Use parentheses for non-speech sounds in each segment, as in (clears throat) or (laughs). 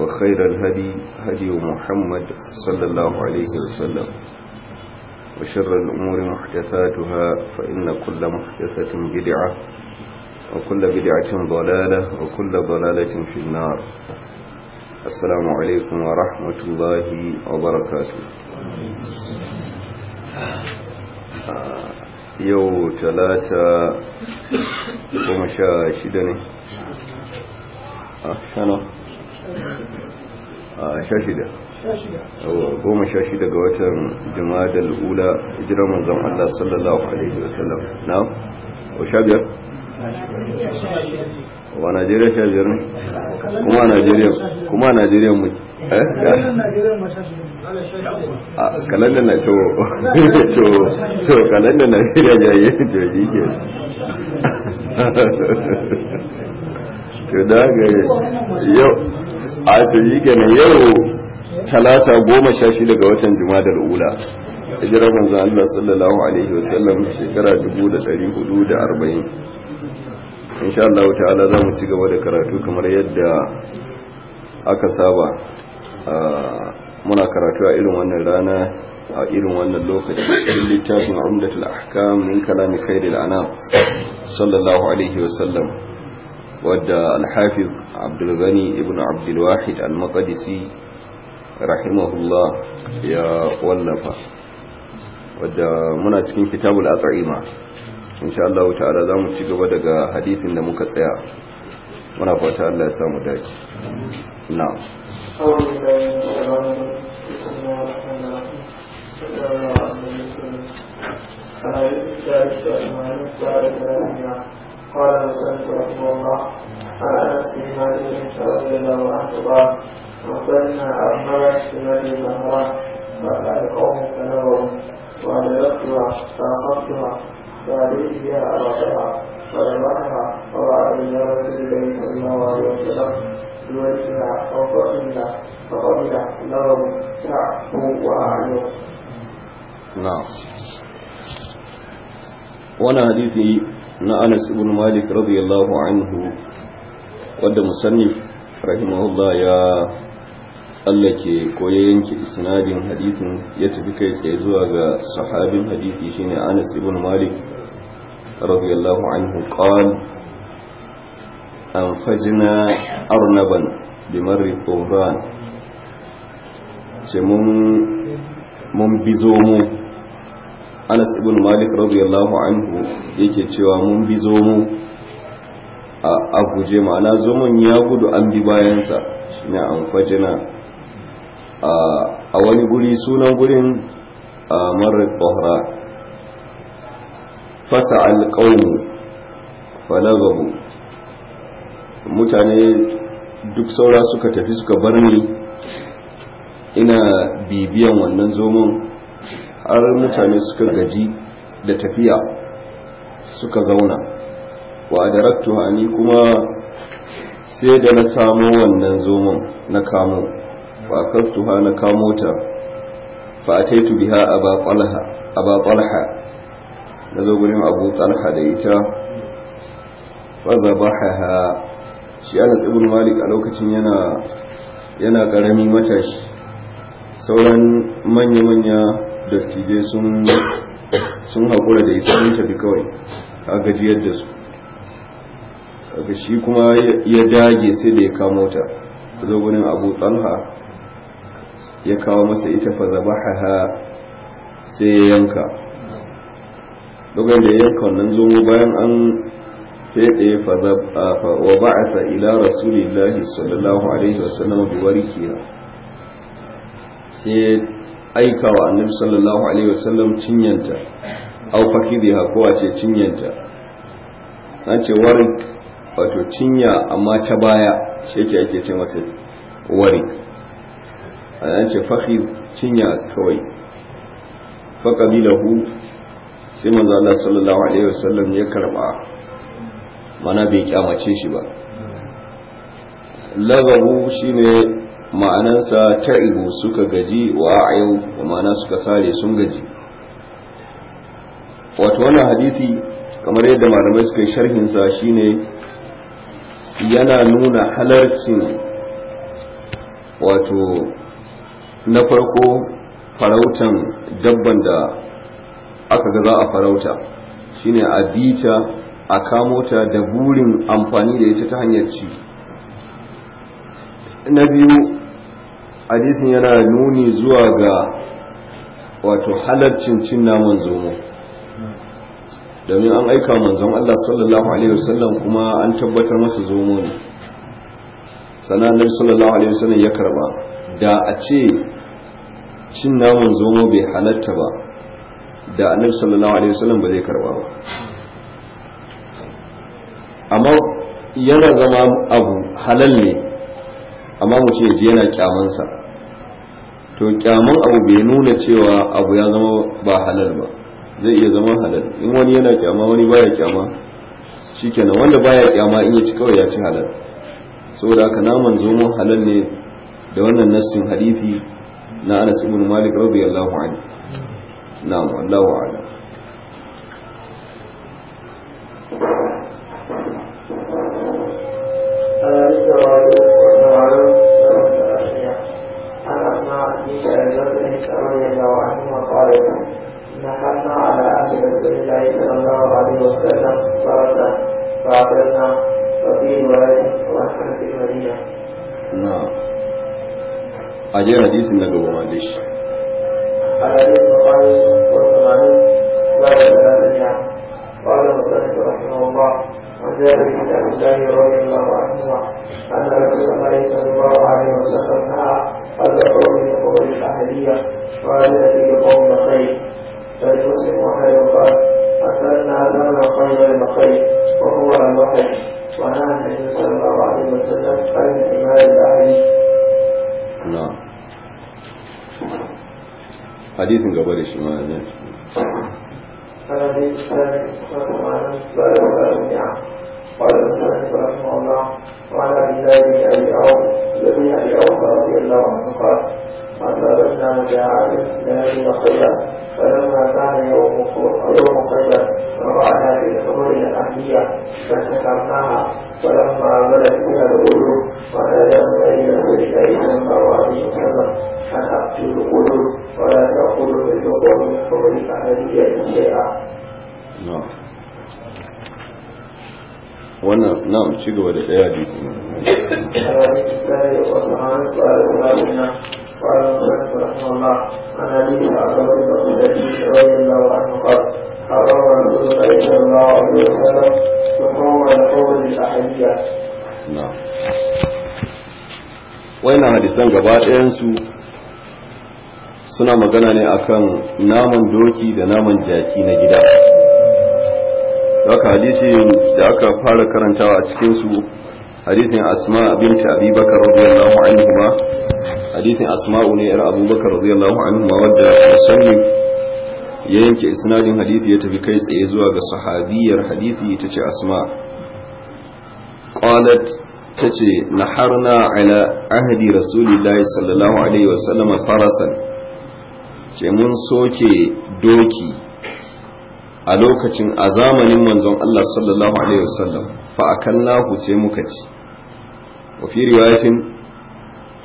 وخير الهدي هدي محمد صلى الله عليه وسلم وشر الأمور محدثاتها فإن كل محدثة بدعة وكل بدعة ضلالة وكل ضلالة في النار السلام عليكم ورحمة الله وبركاته يو ثلاثة ومشا شدني أحسنه a sha shida goma sha shida ga watan jimadal ula jiran manzan Allah sallallahu alaihi wasallam na o sha biyar wa Najeriya sha biyar ne kuma Najeriya kuma Najeriya mu eh kalandar na to (laughs) to to kalandar Najeriya ya yi to yi ke (laughs) to da ga yau a ta yi kenan yau talata goma sha shida ga watan jumadar ula hijirar manzon Allah sallallahu alaihi wa sallam shekara dubu da da hudu arba'in. insha Allah ta'ala za mu ci gaba da karatu kamar yadda aka saba muna karatu a irin wannan rana a irin wannan lokaci cikin littafin umdatul ahkam min kalami khairil anam sallallahu alaihi wa sallam. wadda alhafiz abdulgani ibn abdulwahid al-maqdisi rahimahullah ya wallafa wadda muna cikin kitabul aqima insha Allah ta'ala za mu ci gaba daga hadisin da muka tsaya muna fata Allah ya samu dace na'am Thank you. قال المسلم رحمه الله عن انس بن مالك رضي الله عنه قال وكنا اخبرت في نبي المهران فقال قوم تنوروا وادركتها فاخذتها فعليت بها ارقها فجمعها وبعد الى رسول الله صلى الله عليه وسلم بوجهها وقبل فقبل له شعبه واعينه نعم وانا حديثي na Anas ibn Malik radiyallahu anhu wanda musannif rahimahullah ya tsallake ko ya yanke isnadin hadisin ya tafi kai tsaye zuwa ga sahabin hadisi shine Anas ibn Malik radiyallahu anhu qal anfajna arnaban bimarri turan ce mun mun bizo mu anas ibn malik radiyallahu anhu yake cewa mun bi zomo a guje ma'ana zomon ya gudu an bi bayansa shine an fajina a wani guri sunan gurin a marar bahra fasa alƙaunu falagabu mutane duk saura suka tafi suka bar ni ina bibiyan wannan zomon har mutane suka gaji da tafiya suka zauna wa adaraktuha ni kuma sai da na samo wannan zomon na kamo wa ha na kamo ta fa taitu biha a ba aba na zo gurin abu talha da ita fa haha shi ana tsibin malik a lokacin yana yana karami matashi sauran manya-manya dattijai sun haƙura da ita sun tafi kawai a gajiyar da su daga shi kuma ya dage sai da ya kamo ta zo gunin abu talha ya kawo masa ita fa zabaha sai ya yanka lokacin da ya yanka wannan mu bayan an fede fa wa ba'atha ila rasulillahi sallallahu alaihi wasallam bi warikiya sai aika wa annabi sallallahu alaihi wasallam cinyanta au fakiriha ko a ce cinyanta an ce warik wato cinya amma ta baya shi yake ake ce masa warik an ce fakid cinya kawai fa qabilahu sai manzo Allah sallallahu alaihi wasallam ya karba mana bai kyamace shi ba lagabu shine ma'anansa ta ihu suka gaji wa ayau da ma'ana suka sare sun gaji wato wannan hadisi kamar yadda malamai suka yi sharhinsa shine yana nuna halarcin wato na farko farautan dabban da aka ga za a farauta shine a bita a kamota da burin amfani da ita ta hanyar ci na biyu hadisin yana nuni zuwa ga wato halarcin cin naman zomo domin an aika manzon Allah sallallahu alaihi wasallam kuma an tabbatar masa zomo ne sannan sallallahu alaihi wasallam ya karba da a ce cin naman zomo bai halatta ba da annabi sallallahu alaihi wasallam ba zai karba ba amma yana zama abu halal ne amma mutum ya ji yana kyamansa to kyaman abu bai nuna cewa abu ya zama ba halal ba zai iya zama halal in wani yana kyama wani baya kyama shikenan wanda baya kyama in ya ci kawai ya ci halal saboda haka naman zomo halal ne da wannan nassin hadithi na Anas ibn Malik radiyallahu anhu na'am wallahu a'lam Uh, وعلم أن أسمع بنت أبي بكر رضي الله عنهما قالت نحرنا على أهل رسول الله صلى الله عليه وسلم فردا فعقلنا وفي رواية ونحن في المدينة نعم أجل حديث النبوة معلش الحديث البخاري والثمانين باب ثلاثة قال المصنف رحمه الله وجابر بن ابي سعيد رضي الله عنهما ان رسول الله صلى الله عليه وسلم نهى ان تقول من قول الاهليه قال الذي قول خير فالمسلم خير قال اثرنا لنا خير الخير وهو الوحي ونهى النبي صلى الله عليه وسلم عن حمايه الاهلي نعم حديث قبل الشمال السند الثاني صلى على مسلم وأبيع قال المسلم رحمه الله وعن عبد أبي عوف الذي أبي عوف رضي الله عنه قال ما سألنا مجاعات لنبي خيرا فلما كان يوم يوم خيرا وقعنا في الحضور الأهلية فاستكرناها فلما بدت بها القلوب ونادى النبي صلى الله عليه وسلم bari ka ɗan biya ta shaira. wannan na ci gaba da ɗaya da su. wannan hadisan gaba ɗayan su suna magana ne akan naman doki da naman jaki na gida haka hadisi da aka fara karantawa a cikinsu hadisin asma binti abi bakar radiyallahu ma hadisin asma ne yar abubakar radiyallahu ma wanda musamman ya yanke isnadin hadisi ya tafi kai tsaye zuwa ga sahabiyar hadisi ta ce asma qalat tace naharna ala ahdi rasulillahi sallallahu alaihi wasallam farasan ce mun soke doki a lokacin a zamanin manzon Allah sallallahu alaihi wasallam fa sai muka ci Wafi riwayatin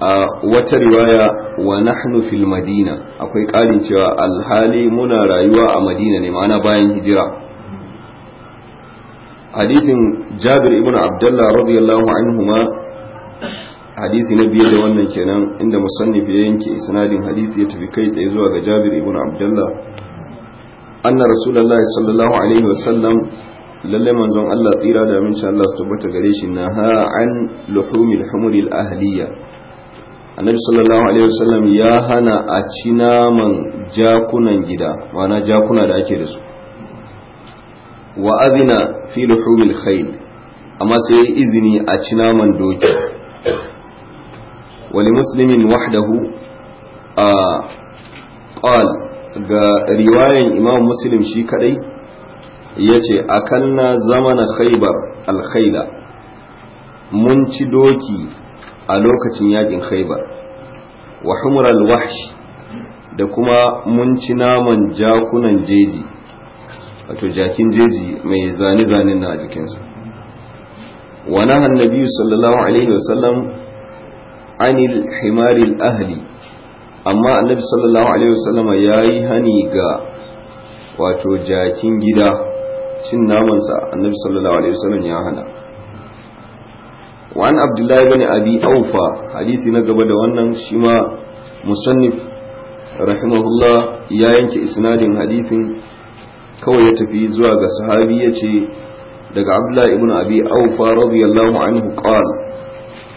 a wata riwaya wa nahnu fil madina akwai ƙarin cewa alhali muna rayuwa a madina ne ma'ana bayan hijira hadithin jabir ibn abdullah radiyallahu ma hadisi na biyar da wannan kenan inda musannif ya yanke isnadin hadisi ya tafi kai tsaye zuwa ga Jabir ibn Abdullah anna rasulullahi sallallahu alaihi sallam lalle manzon Allah tsira da amincin Allah su tabbata gare shi na ha an luhumil humuril ahliya annabi sallallahu alaihi sallam ya hana a ci naman jakunan gida ma'ana jakuna da ake da su wa azina fi luhumil khayl amma sai izini a ci naman doki ولمسلم وحده قال رواية إمام مسلم na كدي يتي أكلنا زمن خيبر الخيلة منتدوكي ألوكة نياج خيبر وحمر الوحش da kuma mun ci naman jakunan jeji wato jakin jeji mai zane-zanen na jikinsa wani annabi sallallahu alaihi wasallam anil himaril ahli amma annabi sallallahu alaihi wasallam ya yi hani ga wato jakin gida cin namansa annabi sallallahu alaihi wasallam ya hana وعن عبد الله بن أبي أوفى حديث نقب دوانا شما مصنف رحمه الله يا ينك إسناد حديث كو يتفي زواج صحابية دق عبد الله بن أبي أوفى رضي الله عنه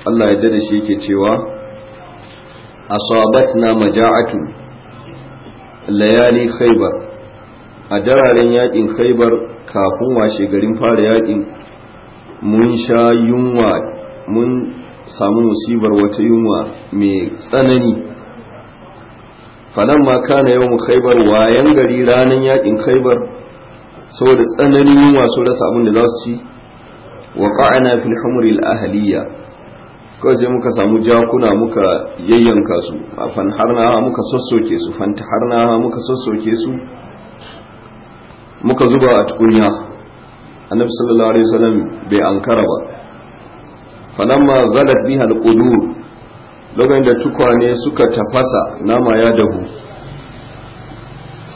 Allah ya dana shi yake cewa na maja'atu layali khaybar a dararen yakin khaybar kafin washe garin fara yakin mun sha yunwa mun samu musibar wata yunwa mai tsanani falamma kana yawan khaybar wayan gari ranan yakin khaybar saboda tsananin yunwa so rasa abin da za su ci wa qa'ana fil humri al ahliya kawai sai muka samu jakuna muka yayyanka su a fanharna muka sassoke su fantaharna muka sassoke su muka zuba a tukunya annabi sallallahu alaihi wasallam bai ankara ba falamma zalat biha alqudur lokacin da tukwane suka tafasa nama ya dahu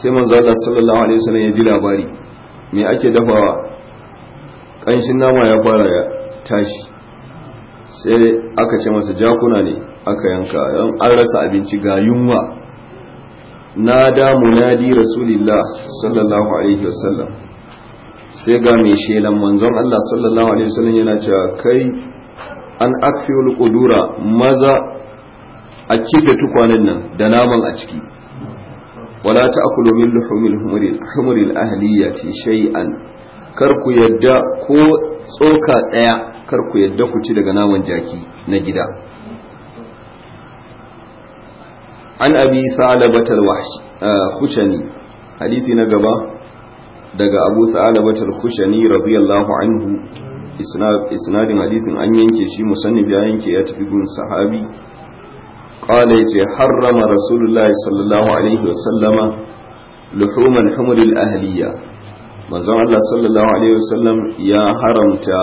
sai manzo Allah sallallahu alaihi wasallam ya ji labari me ake dafawa kanshin nama ya fara ya tashi sai aka ce masa jakuna ne aka yanka don an rasa abinci ga yunwa na da munadi rasulillah sallallahu alaihi wasallam sai ga mai shelan manzon Allah sallallahu alaihi wasallam yana cewa kai an akfiul qudura maza a kife tukwanen nan da naman a ciki wala ta'kulu min luhumil humuril humuril ahliyati shay'an kar ku yadda ko tsoka daya kar ku yadda ku ci daga naman jaki na gida an abi sa'alabatal ah, khushani hadisi na gaba daga abu sa'alabatal khushani radiyallahu anhu isnadin hadisin an yanke shi musannif ya yanke ya tafi gun sahabi qala yace harrama rasulullahi sallallahu alaihi wasallama luhuman humril ahliya manzon Allah sallallahu alaihi wasallam ya haramta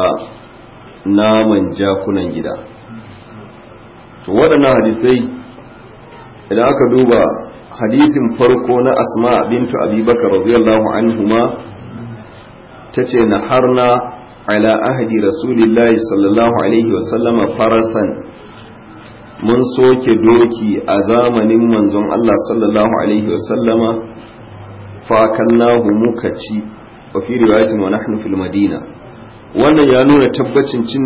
naman jakunan gida to waɗannan hadisai idan aka duba hadisin farko na asma bintu abubakar radiyallahu anhuma ta ce na harna ala ahadi rasulillahi sallallahu alaihi wasallama farasan mun soke doki a zamanin manzon Allah sallallahu alaihi wasallama fa nahu muka ci wa fi riwayatin wa nahnu fil madina wannan ya nuna tabbacin cin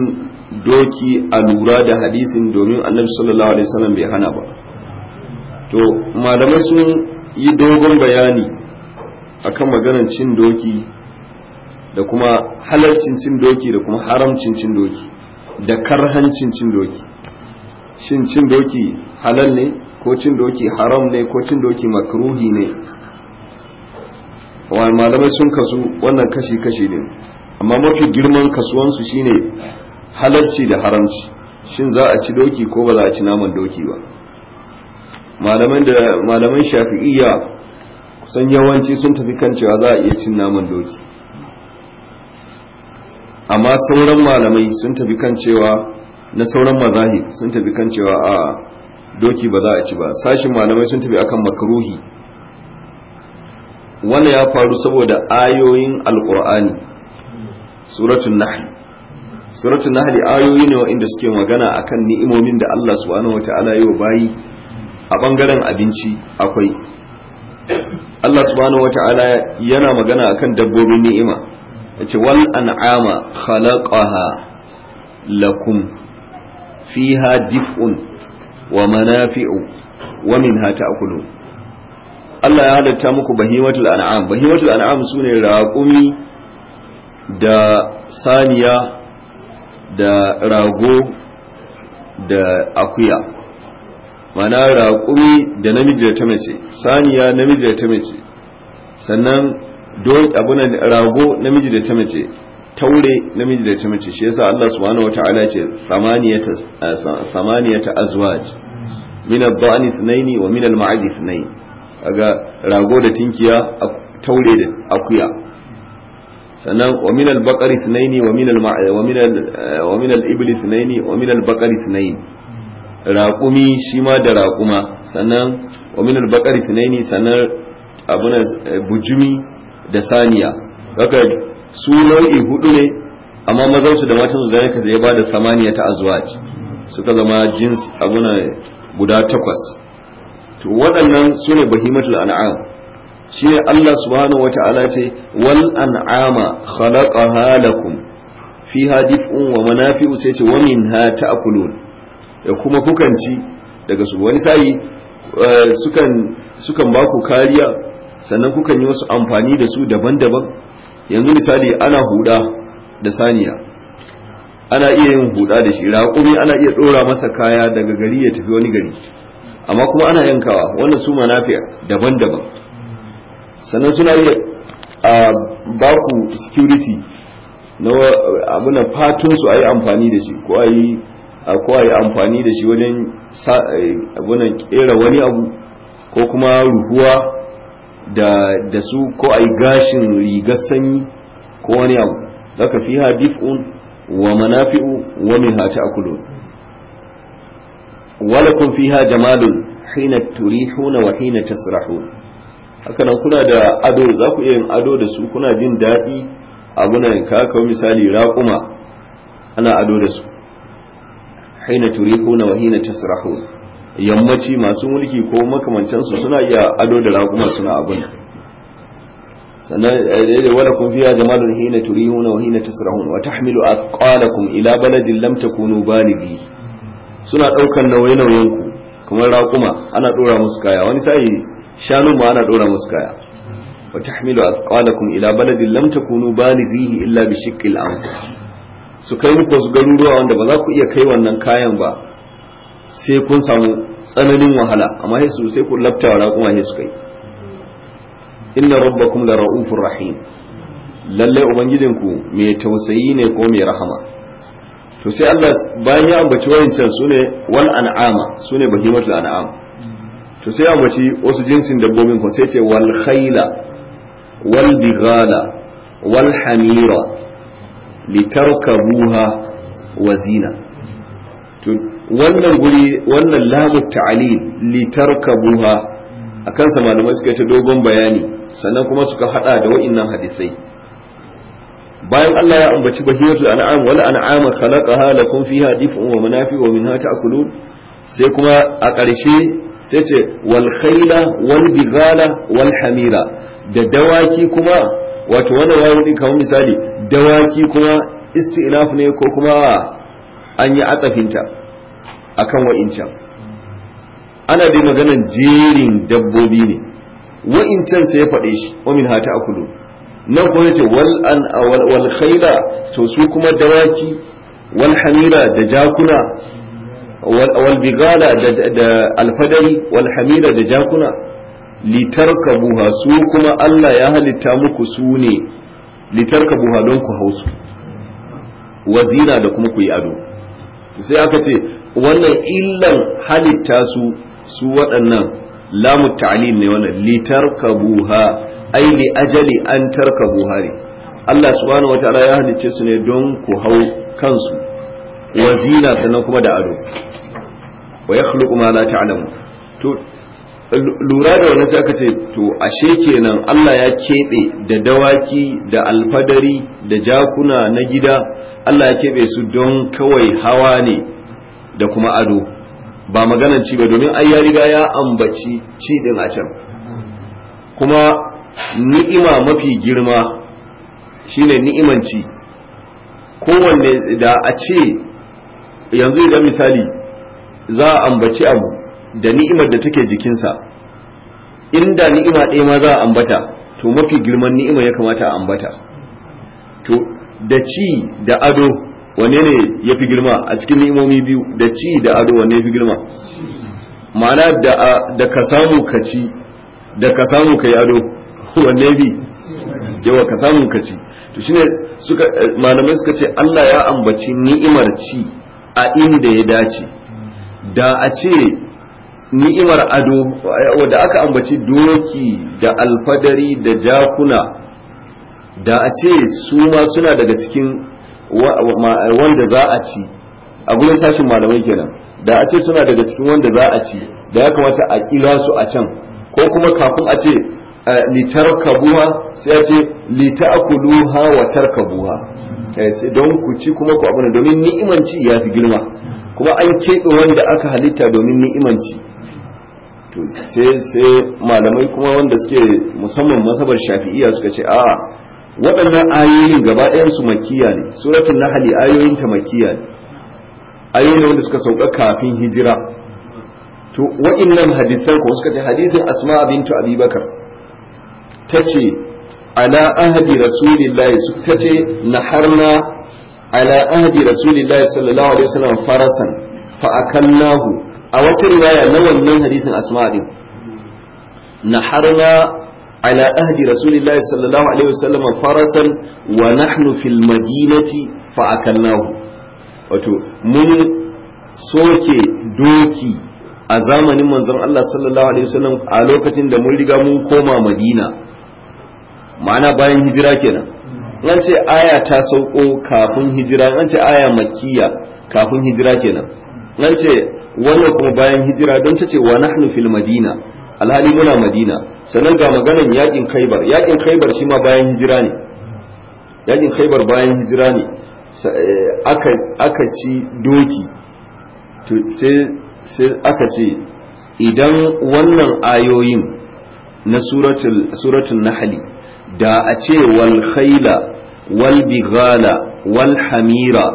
doki a lura da hadisin domin annabi sallallahu alaihi wasallam bai hana ba to malamai sun yi dogon bayani akan maganar cin doki da kuma halarcin cin doki da kuma haramcin cin doki da karhancin cin doki shin cin doki halal ne ko cin doki haram ne ko cin doki makruhi ne malamai sun kasu wannan kashi-kashi ne amma mafi girman kasuwansu shine halarci da haramci shin za a ci doki ko ba za a ci naman doki ba malaman shafi'iyya kusan yawanci sun tafi kan cewa za a iya cin naman doki amma sauran malamai sun tafi kan cewa na sauran mazahi sun tafi kan cewa a doki ba za a ci ba sashin malamai sun tafi akan makaruhi wannan ya faru saboda ayoyin alkur'ani suratun nahli suratun nahli ayoyi ne wa'inda suke magana akan ni'imomin da Allah subhanahu wata'ala yi wa bayi a bangaren abinci akwai Allah subhanahu wata'ala yana magana akan dabbobin ni'ima yace wal an'ama khalaqaha lakum fiha dif'un wa manafi'u wa minha ta'kulun Allah ya halitta muku bahimatul an'am bahimatul an'am sune raƙumi da saniya da rago da akuya mana raƙumi da namiji da ta mace saniya namiji da ta mace sannan na rago namiji da ta mace taure namiji da ta mace shi yasa Allah subhanahu wata'ala ce eh, samaniyata azwaj min ad-da'ni ithnayn wa min al-ma'ad ithnayn kaga rago da tinkiya taure da akuya sannan wa min al-baqari sunaini wa min al-ibli sunaini wa min al-baqari sunaini raƙumi shi ma da raƙuma sannan wa min al-baqari sunaini sannan abuna eh, bujumi da saniya haka su nau'i hudu ne amma mazan su da matan su zai kaza zai bada samaniya ta azwaj suka zama jins abuna guda takwas to waɗannan sune bahimatul an'am shi ne Allah subhanahu wata'ala ce wal an'ama khalaqaha lakum fiha dif'un wa manafi'u sai ce wa minha ta'kulun da kuma kukan ci daga su wani sai eh, sukan sukan ba ku kariya sannan kukan yi wasu amfani da su daban-daban yanzu misali ana huda da saniya ana iya yin huda da shi raƙumi ana iya ɗora masa kaya daga gari ya tafi wani gari amma kuma ana yankawa wannan su manafi'a daban-daban sannan suna iya a baku security na abunan fatun su a yi amfani da shi ko a yi amfani da shi wajen eh, abunan kera wani abu ko kuma ruhuwa da su ko a yi gashin rigar sanyi ko wani abu daga fi dif'un wa manafi'u wa min ha ta'kulun walakum fiha jamalun hina turihuna wa hina tasrahuna haka nan kuna da ado za ku iya yin ado da su kuna jin daɗi abuna ka kawo misali raƙuma ana ado da su haina turihuna wa hina tasrahun yammaci masu mulki ko makamancansu suna iya ado da raƙuma suna abun sannan da eh, eh, eh, wala kun fiya jama'ar hina turihuna wa hina tasrahun wa tahmilu athqalakum ila baladin lam takunu balighi suna daukan nauye-nauyen ku kamar raƙuma ana dora musu kaya wani sai shanu ma ana dora musu kaya wa tahmilu athqalakum ila baladin lam takunu balighihi illa bi shiqqil anfus su kai muku wasu ruwa wanda ba za ku iya kai wannan kayan ba sai kun samu tsananin wahala amma sai su sai ku labtawa kuma sai su kai inna rabbakum la ra'ufur rahim lalle ku mai tausayi ne ko mai rahama to sai Allah bayan ya ambaci wayancan sune wal an'ama sune bahimatul an'am to sai ambaci wasu jinsin dabbobin kuma sai ce wal khayla wal bighala wal hamira litarkabuha wa zina to wannan guri wannan lamu ta'lil litarkabuha akan sa malamai suka ta dogon bayani sannan kuma suka hada da wa'innan hadisai bayan Allah ya ambaci bahiratul an'am wal an'ama khalaqaha lakum fiha dif'un wa manafi'u wa minha ta'kulun sai kuma a ƙarshe sai ce wal khayla wal wal hamira da dawaki kuma wato wannan wayo kawo misali dawaki kuma istinaf ne ko kuma an yi atsafinta akan wa'incan ana dai maganan jerin dabbobi ne wa'incan sai ya faɗe shi wa min hata akulu nan kuma yace wal an to su kuma dawaki walhamira da jakuna wal bigala da alfadari wal hamira da jakuna litarkabuha su kuma Allah ya halitta muku su ne litarkabuha don ku hausu wazina da kuma ku yi ado sai aka ce wannan illan halitta su su waɗannan lamu ta'lim ne wannan litarkabuha ai li ajali an tarkabuha ne Allah subhanahu wataala ya halicce su ne don ku hau kansu wa zina sannan kuma da ado wa yakhluqu ma la ta'lamu to lura da wannan sai aka ce to ashe kenan Allah ya keɓe da dawaki da alfadari da jakuna na gida Allah ya keɓe su don kawai hawa ne da kuma ado ba maganan ci ba domin ai ya riga ya ambaci ci din a can kuma ni'ima mafi girma shine ni'imanci kowanne da a ce yanzu idan misali za a ambaci abu da ni'imar da take jikinsa inda ni'ima ɗaya ma za a ambata to mafi girman ni'ima ya kamata a ambata to da ci da ado wanne ne ya fi girma a cikin ni'imomi biyu da ci da ado wanne ya fi girma ma'ana da ka samu ka ci da ka samu ka yi ado (laughs) wanne bi yawa ka samu ka ci to shine suka eh, malamai suka ce Allah ya ambaci ni'imar ci a inda ya dace da a ce ni'imar ado wadda aka ambaci doki da alfadari da jakuna da a ce su ma suna daga cikin wanda za a ci a gudun sashin malamai kenan da a ce suna daga cikin wanda za a ci da ya kamata a kira su a can ko kuma kafin a ce eh, litar kabuwa sai a ce lita'kuluha wa kabuwa Eh, don ku ci kuma ku abuna domin ni'imanci ya fi girma kuma an keɓe wanda aka halitta domin ni'imanci to sai sai malamai kuma wanda suke musamman masabar shafi'iya suka ce a waɗannan ayoyin gaba ɗayan su makiya ne suratul nahli ayoyin ta makiya ne ayoyin wanda suka sauka kafin hijira to wa'annan hadisan ko suka ce hadisin asma bintu abubakar ce. ala ahdi rasulillahi suka ce naharna ala ahdi rasulillahi sallallahu alaihi wasallam farasan fa akalnahu a wata riwaya na wannan hadisin asma din naharna ala ahdi rasulillahi sallallahu alaihi wasallam farasan wa nahnu fil madinati fa akalnahu wato mun soke doki a zamanin manzon Allah sallallahu alaihi wasallam a lokacin da mun riga mun koma Madina ma'ana bayan hijira kenan an ce aya ta sauko kafin hijira an ce aya makkiya kafin hijira kenan an ce wannan kuma bayan hijira don ta ce wa nahnu fil madina alhali muna madina sannan ga maganan yakin khaibar yakin khaibar shi ma bayan hijira ne yakin khaibar bayan hijira ne eh, aka ci doki to sai aka ce idan wannan ayoyin na suratul nahli da a ce wal walbigala wal bighala wal hamira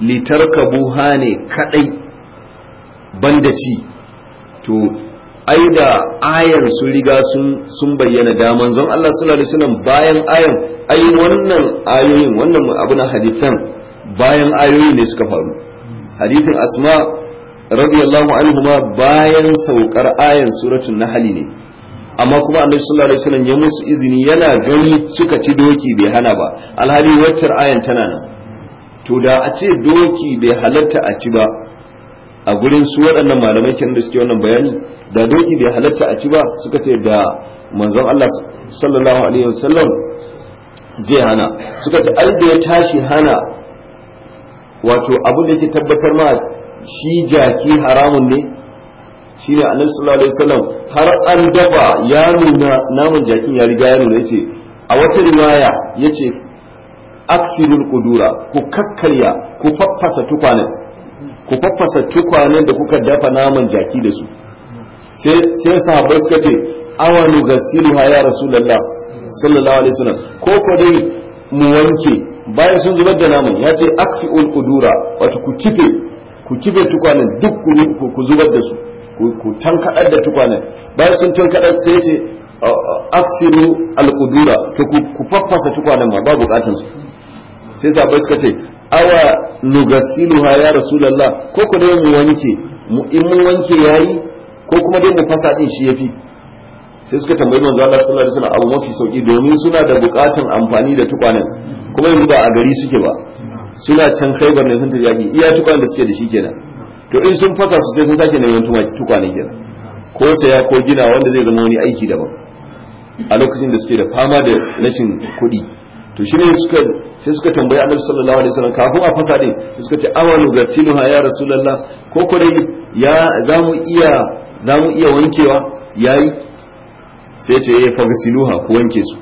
litarkabuha ne kadai banda ci to ai da ayan su riga sun bayyana da manzon Allah sallallahu alaihi wasallam bayan ayan ai wannan ayoyin wannan abu na hadithan bayan ayoyin ne suka faru hadithin asma radiyallahu anhuma bayan saukar ayan suratul nahl ne amma kuma annabi sallallahu alaihi wasallam ya musu izini yana gani suka ci doki bai hana ba alhali waccar ayan tana nan to da a ce doki bai halatta a ci ba a gurin su waɗannan malamai kenan da suke wannan bayani da doki bai halatta a ci ba suka ce da manzon Allah sallallahu alaihi wasallam zai hana suka ce al da ya tashi hana wato abin da yake tabbatar ma shi jaki haramun ne shine annabi sallallahu alaihi wasallam har an daba ya nuna naman jakin ya riga ya nuna yace a wata riwaya yace aksirul qudura ku kakkarya ku faffasa tukwanen ku faffasa tukwanen da kuka dafa naman jaki da su sai sai sahabbai suka ce awanu gasiluha ya rasulullah sallallahu alaihi wasallam ko ko dai mu wanke bayan sun zubar da naman yace ce kudura qudura wato ku kife ku kife tukwanen duk ku zubar da su ku tankaɗar da tukwanen bayan sun kaɗar sai ce aksiru alƙudura to ku faffasa tukwanen ma ba bukatun su sai sabai suka ce awa ha ya lalla? ko ku dai mu wanke in mun wanke yayi ko kuma dai mu fasa din shi yafi sai suka tambayi manzo Allah sallallahu alaihi wasallam abu mafi sauki domin suna da bukatun amfani da tukwanen kuma yanzu ba a gari suke ba suna can khaibar ne sun tafi yaki iya tukwanen da suke da shi kenan to in sun fasa su sai sun sake neman tukwane kenan ko saya ko gina wanda zai zama wani aiki daban a lokacin da suke da fama da rashin kuɗi to shi ne suka sai suka tambayi annabi sallallahu alaihi wasallam kafin a fasa din suka ce amalu gasiluha ya rasulullah ko ko dai ya zamu iya zamu iya wankewa yayi sai ce ya eh, fa gasiluha ko wanke su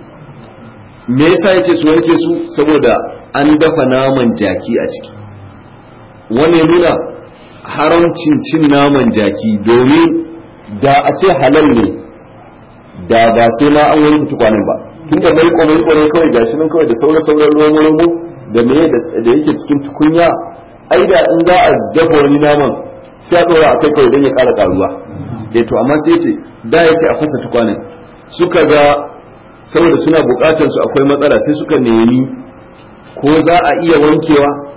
me yasa yace su wanke su saboda an dafa naman jaki a ciki ya nuna haramcin cin naman jaki domin da a ce halal ne da ba sai ma an wanke tukwanin ba tun da mai komai ne kawai gashi nan kawai da sauran sauran romo romo da me da yake cikin tukunya ai da in za a dafa wani naman sai a tsora a kai kawai don ya kara karuwa. da eh to amma sai ce da ya ce a fasa tukwanin suka ga saboda suna bukatar su akwai matsala sai suka nemi ko za a iya wankewa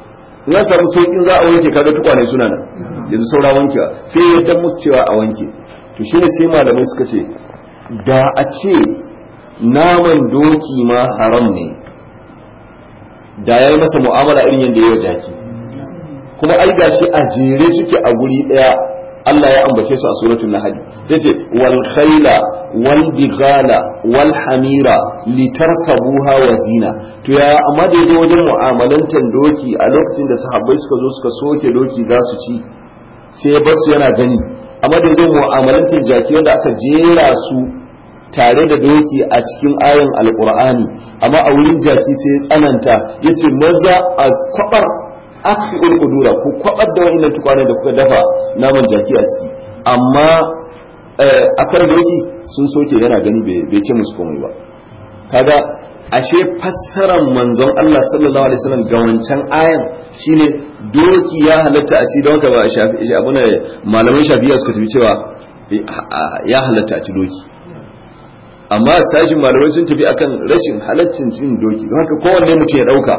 ya samu saukin za a wanke kaga tukwane suna nan yanzu saura wankewa sai ya dan musu cewa a wanke to shine sai malamai suka ce da a ce naman doki ma haram ne da ya yi masa mu'amala irin yadda ya jaki kuma ai gashi a jere suke a guri daya Allah ya ambace su a suratul nahl sai ce wal khayla wal bighala wal hamira litarkabuha wa to ya amma da yaje wajen mu'amalantan doki a lokacin da sahabbai suka zo suka soke doki za su ci sai basu yana gani amma da yaje mu'amalantan jaki wanda aka jera su tare da doki a cikin ayan alkur'ani amma a wurin jaki sai tsananta yace maza a kwabar ul qudura ku kwabar da wannan tukwane da kuka dafa naman jaki a ciki amma eh, akar da yake sun soke yana gani bai ce musu komai ba kaga ashe fassarar manzon Allah sallallahu alaihi wasallam ga wancan ayan shine doki ya halatta a ci don ka ba shafi abuna malaman suka tafi cewa eh, ya halatta a ci doki amma sashin malamai sun tafi akan rashin halaccin cin doki don haka kowanne mutum ya dauka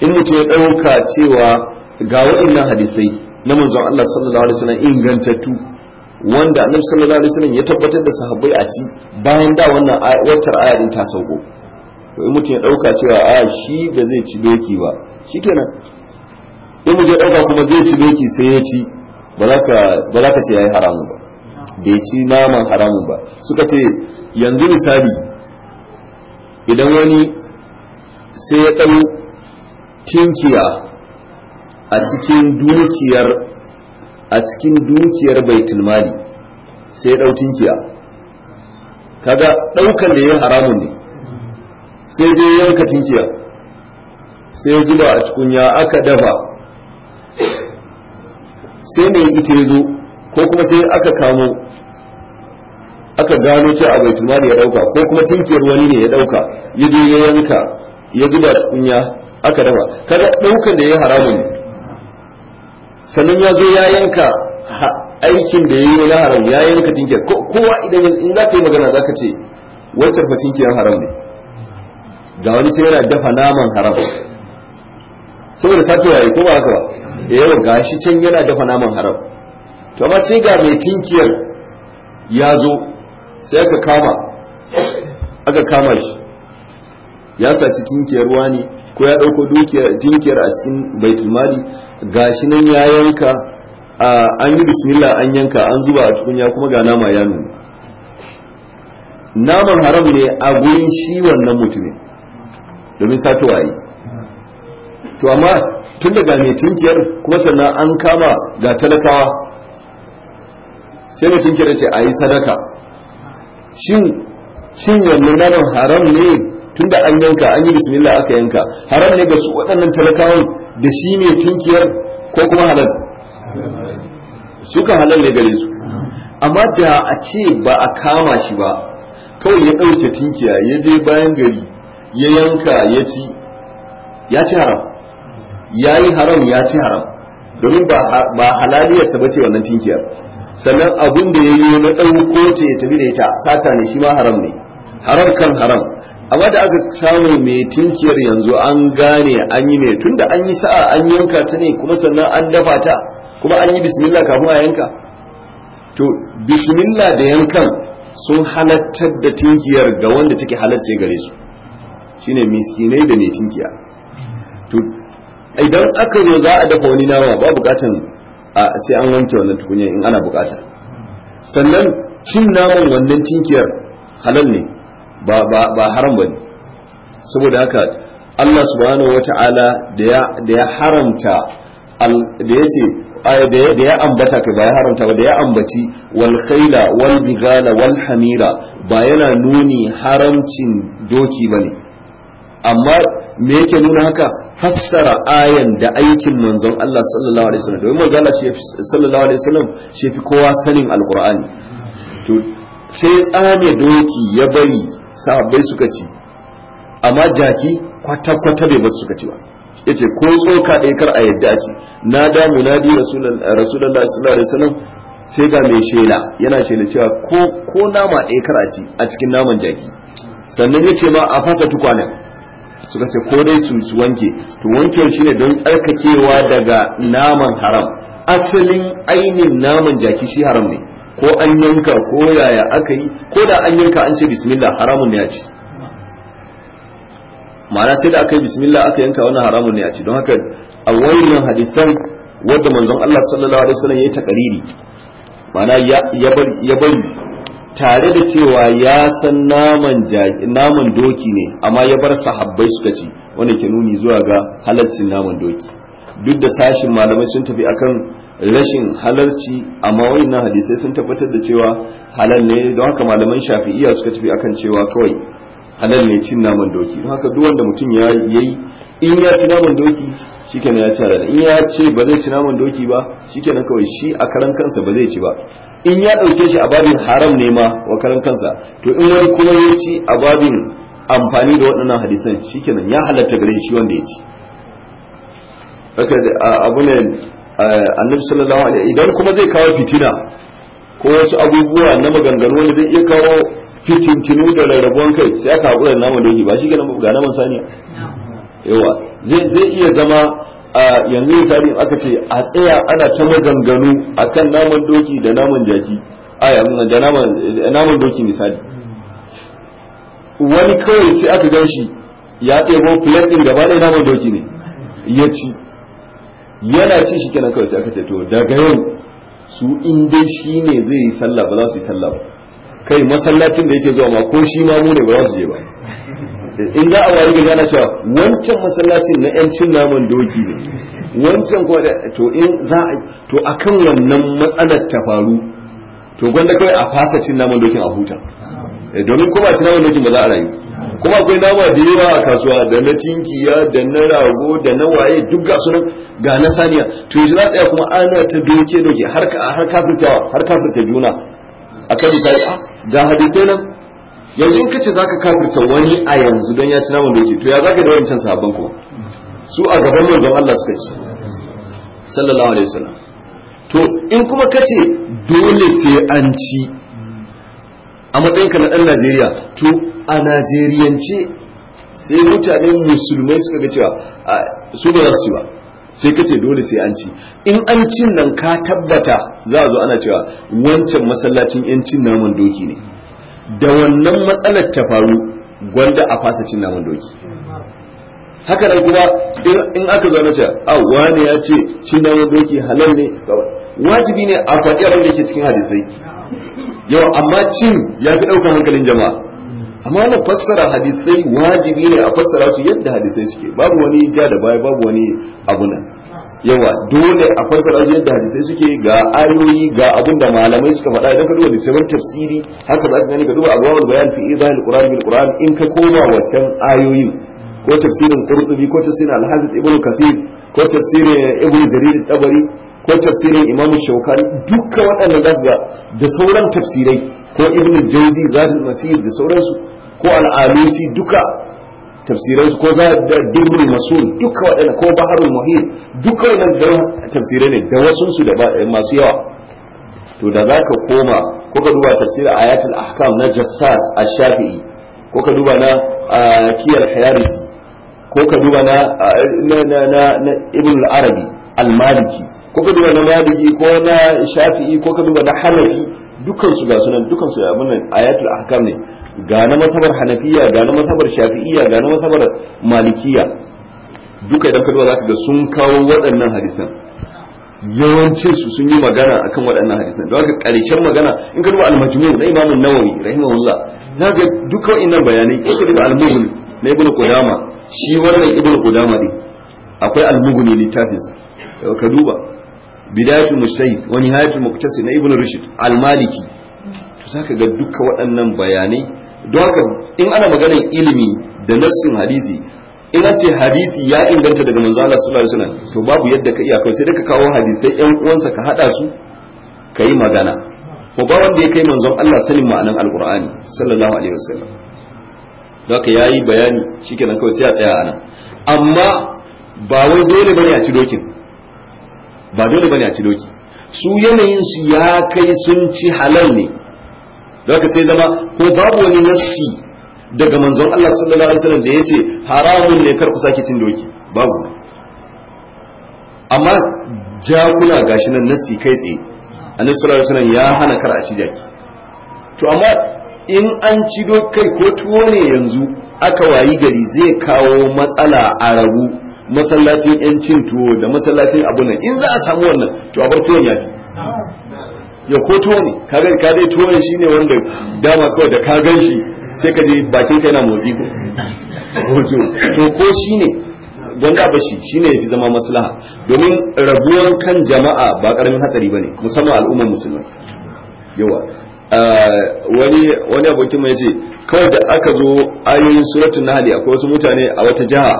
in mutum ya ɗauka cewa ga waɗannan hadisai na manzon Allah sallallahu alaihi wasallam ingantattu wanda annabi sallallahu alaihi wasallam ya tabbatar da sahabbai a ci bayan da wannan waccar aya din ta sauko to in mutum ya ɗauka cewa a shi ba zai ci doki ba shikenan in mutum ya ɗauka kuma zai ci doki sai ya ci ba za ka ce ya yi haramun ba bai ci naman haramun ba suka ce yanzu misali idan wani sai ya ɗau tinkiya a cikin dukiyar a cikin dukiyar baitul mali sai dau tinkiya kaga ɗaukan da yayi haramun ne sai je yanka tinkiya sai zuba a cikin ya aka dafa sai mai ita zo ko kuma sai aka kamo aka gano ce a baitul mali ya dauka ko kuma tinkiyar wani ne ya dauka ya je ya yanka ya zuba tukunya aka dafa kaga daukan da yayi haramun sannan ya zo ya yanka aikin da yayi na haram ya yanka tinkiyar kowa idan in za ka yi magana za ka ce wancan fa tinkiyar haram ne ga wani ce yana dafa naman haram saboda sato yayi ko ba haka ba eh, yawa gashi can yana dafa naman haram to amma sai ga mai tinkiyar ya zo sai aka kama aka kama shi ya saci tinkiyar wani ko ya ɗauko tinkiyar a cikin baitulmali gashi nan ya yanka an yi bismillah an yanka an zuba a tukunya kuma ga nama ya nuna naman haram ne a gurin shi wannan mutumin domin satowa yi to amma tun daga mai tinkiyar kuma sannan an kama ga talakawa sai mai tinkiyar ce a yi sadaka shin cin wannan naman haram ne tunda an yanka an yi bismillah aka yanka haram ne ga su waɗannan talakawan da shi ne tunkiyar ko kuma halal suka halal ne gare su amma da a ce ba a kama shi ba kawai ya ɗauke tunkiya ya je bayan gari ya yanka ya ci ya ci haram ya yi haram ya ci haram domin ba halaliyarsa ba ce wannan tunkiyar sannan abin da ya yi na ɗauko ce ya tafi da ita sata ne shi ma haram ne haram kan haram amma da aka samu mai tinkiyar yanzu an gane an yi mai da an yi sa'a an yanka ta ne kuma sannan an dafa ta kuma an yi bismillah kafin a yanka to bismillah da yankan sun halattar da tinkiyar ga wanda take halatce gare su shine miskinai da mai tinkiya to idan aka zo za a dafa wani nama ba bukatan sai an wanke wannan tukunya in ana bukata sannan cin naman wannan tinkiyar halal ne ba haram ba ne saboda haka Allah subhanahu wa ta'ala da ya haramta da ya ce da ya ambata kai ba ya haramta ba da ya ambaci wal khayla wal bigala wal hamira ba yana nuni haramcin doki ba ne amma me yake nuna haka fassara ayan da aikin manzon Allah sallallahu alaihi wasallam domin manzon Allah sallallahu alaihi wasallam shi fi kowa sanin alqur'ani to sai tsame doki ya bari sahabbai suka ci amma jaki kwata-kwata bai basu suka ci ba yace ko tsoka ɗaya kar a yadda ce na da munadi rasulullahi sallallahu alaihi wasallam sai ga mai shela yana shela cewa ko ko nama ɗaya kar a ci a cikin naman jaki sannan yace ma a fasa tukwanen suka ce ko dai su wanke to wanke shi ne don tsarkakewa daga naman haram asalin ainihin naman jaki shi haram ne ko an yanka ko yaya aka yi ko da an yanka an ce bismillah haramun ne a ci ma'ana sai da aka yi bismillah aka yanka wannan haramun ne a ci don haka a wayoyin hadithan wadda manzon Allah sallallahu alaihi wasallam ya yi takariri ma'ana ya bari tare da cewa ya san naman naman doki ne amma ya bar sahabbai suka ci wanda ke nuni zuwa ga halaccin naman doki duk da sashin malamai sun tafi akan rashin halarci amma wayannan hadisai sun tabbatar da cewa halal ne don haka malaman shafi'iyya suka tafi akan cewa kawai halal ne cin naman doki don haka duk wanda mutum ya yi in ya ci naman doki shikenan ya ci in ya ce ba zai ci naman doki ba shikenan kawai shi a karan kansa ba zai ci ba in ya ɗauke shi a babin haram ne ma wa karan kansa to in wani kuma ya ci a babin amfani da waɗannan hadisan shikenan ya halatta gare shi wanda ya ci Uh, abu ne uh, annabi sallallahu alaihi idan kuma zai kawo fitina ko wasu abubuwa na maganganu wanda zai iya kawo fitintinu da rarrabuwan kai sai aka haƙura da naman doki ba shi ga ga man saniya yawa zai iya zama uh, yanzu misali in aka ce a tsaya ana ta maganganu akan naman doki da naman jaki aya da naman doki misali wani kawai sai aka gan shi ya ɗebo filet ɗin gaba ɗaya naman doki ne ya ci yana ci shi kenan kawai sai aka ce to daga yau su in dai shi ne zai yi sallah ba za su yi sallah ba kai masallacin da yake zuwa ma ko shi ma mu ne ba za su je ba in za a wari ga gana cewa wancan masallacin na yancin naman doki ne wancan ko da to in za a to akan wannan matsalar ta faru to gwanda kawai a fasa cin naman dokin a huta eh, domin ko ba cin naman dokin ba za a rayu kuma akwai nama da yawa a kasuwa da na cinkiya da na rago da na waye duk ga sunan ga na saniya to yanzu za tsaya kuma ana ta doke doke har har kafirtawa har kafirta juna akan misali a ah, ga hadisai nan yanzu in kace zaka kafirta wani a yanzu don ya ci da yake? to ya zaka da wancan sahabban ko su a gaban manzon Allah suka ci sallallahu alaihi wasallam to in kuma kace dole sai an ci a matsayinka na dan Najeriya to a najeriyance sai mutane musulmai suka ga cewa su ba za su ba sai ka ce dole sai an ci in an cin nan ka tabbata za a zo ana cewa wancan masallacin yancin naman doki ne da wannan matsalar ta faru gwanda a fasa cin naman doki haka nan kuma in aka zo na ce a wani ya ce cin naman doki halal ne wajibi ne a faɗi abin da yake cikin hadisai yau amma cin ya fi ɗaukar hankalin jama'a amma na fassara hadisai wajibi ne a fassara su yadda hadisai suke babu wani ja da baya babu wani abu nan yawa dole a fassara su yadda hadisai suke ga ayoyi ga abin da malamai suka faɗa idan ka duba littafin tafsiri haka za ka gani ka duba abwabul bayan fi izahil qur'an bil qur'an in ka koma wancan ayoyin ko tafsirin qurtubi ko tafsirin al-hafiz ibnu kathir ko tafsirin ibnu jarir tabari ko tafsirin imam shaukani duka waɗannan za da sauran tafsirai ko ibnu jawzi zahir masir da sauransu ko al'alusi duka tafsirai ko za da durrul masul duka waɗanda ko baharul muhim duka waɗanda tafsirai ne da wasu su da masu yawa to da za ka koma ko ka duba tafsir ayatul ahkam na jassas ash-shafi'i ko ka duba na kiyar hayarisi ko ka duba na na ibn al-arabi al-maliki ko ka duba na maliki ko na shafi'i ko ka duba na hanafi dukansu ga sunan dukansu abin nan ayatul ahkam ne ga na masabar hanafiya ga na masabar shafi'iya ga na masabar malikiya duka idan ka duba za ka ga sun kawo waɗannan hadisan yawancin su sun yi magana akan waɗannan hadisan don haka ƙarshen magana in ka duba al-majmu na Imam Nawawi rahimahullah za ka duka waɗannan bayanai in ka duba al-mughni na Ibn Qudama shi wannan Ibn Qudama din akwai al-mughni littafin ka duba bidayatul mujtahid wa nihayatul muqtasid na Ibn Rushd al-Maliki to za ka ga duka waɗannan bayanai don haka in ana maganar ilimi da nassin hadisi ina ce hadisi ya inganta daga manzo Allah sallallahu alaihi wasallam to babu yadda ka iya kai sai dai ka kawo hadisai ɗan uwansa ka hada su ka yi magana ko ba wanda ya kai manzon Allah sanin ma'anan alqur'ani sallallahu alaihi wasallam don haka yayi bayani shikenan kawai sai a tsaya anan amma ba wai dole bane a ci dokin ba dole bane a ci doki su yanayin su ya kai sun ci halal ne zaka sai zama ko babu wani nassi daga manzon Allah sallallahu alaihi wasallam da yace haramun ne kar ku sake cin doki babu amma jakuna gashi nan nassi kai tsaye annabi sallallahu alaihi wasallam ya hana kar a ci jaki to amma in an ci dokai ko tuwo ne yanzu aka wayi gari zai kawo matsala a rabu masallacin yancin tuwo da masallacin abu nan in za a samu wannan to a bar tuwon yafi ya ko tuwo ne kaga ka dai tuwo ne wanda dama kawai da ka gan shi sai ka je bakin ka yana motsi ko to ko shine don da bashi shine fi zama maslaha domin rabuwar kan jama'a ba karamin hatsari ne musamman al'ummar musulmai yawa ah, wani abokin mai ce kawai da aka zo ayoyin suratul nahl akwai wasu mutane a wata jiha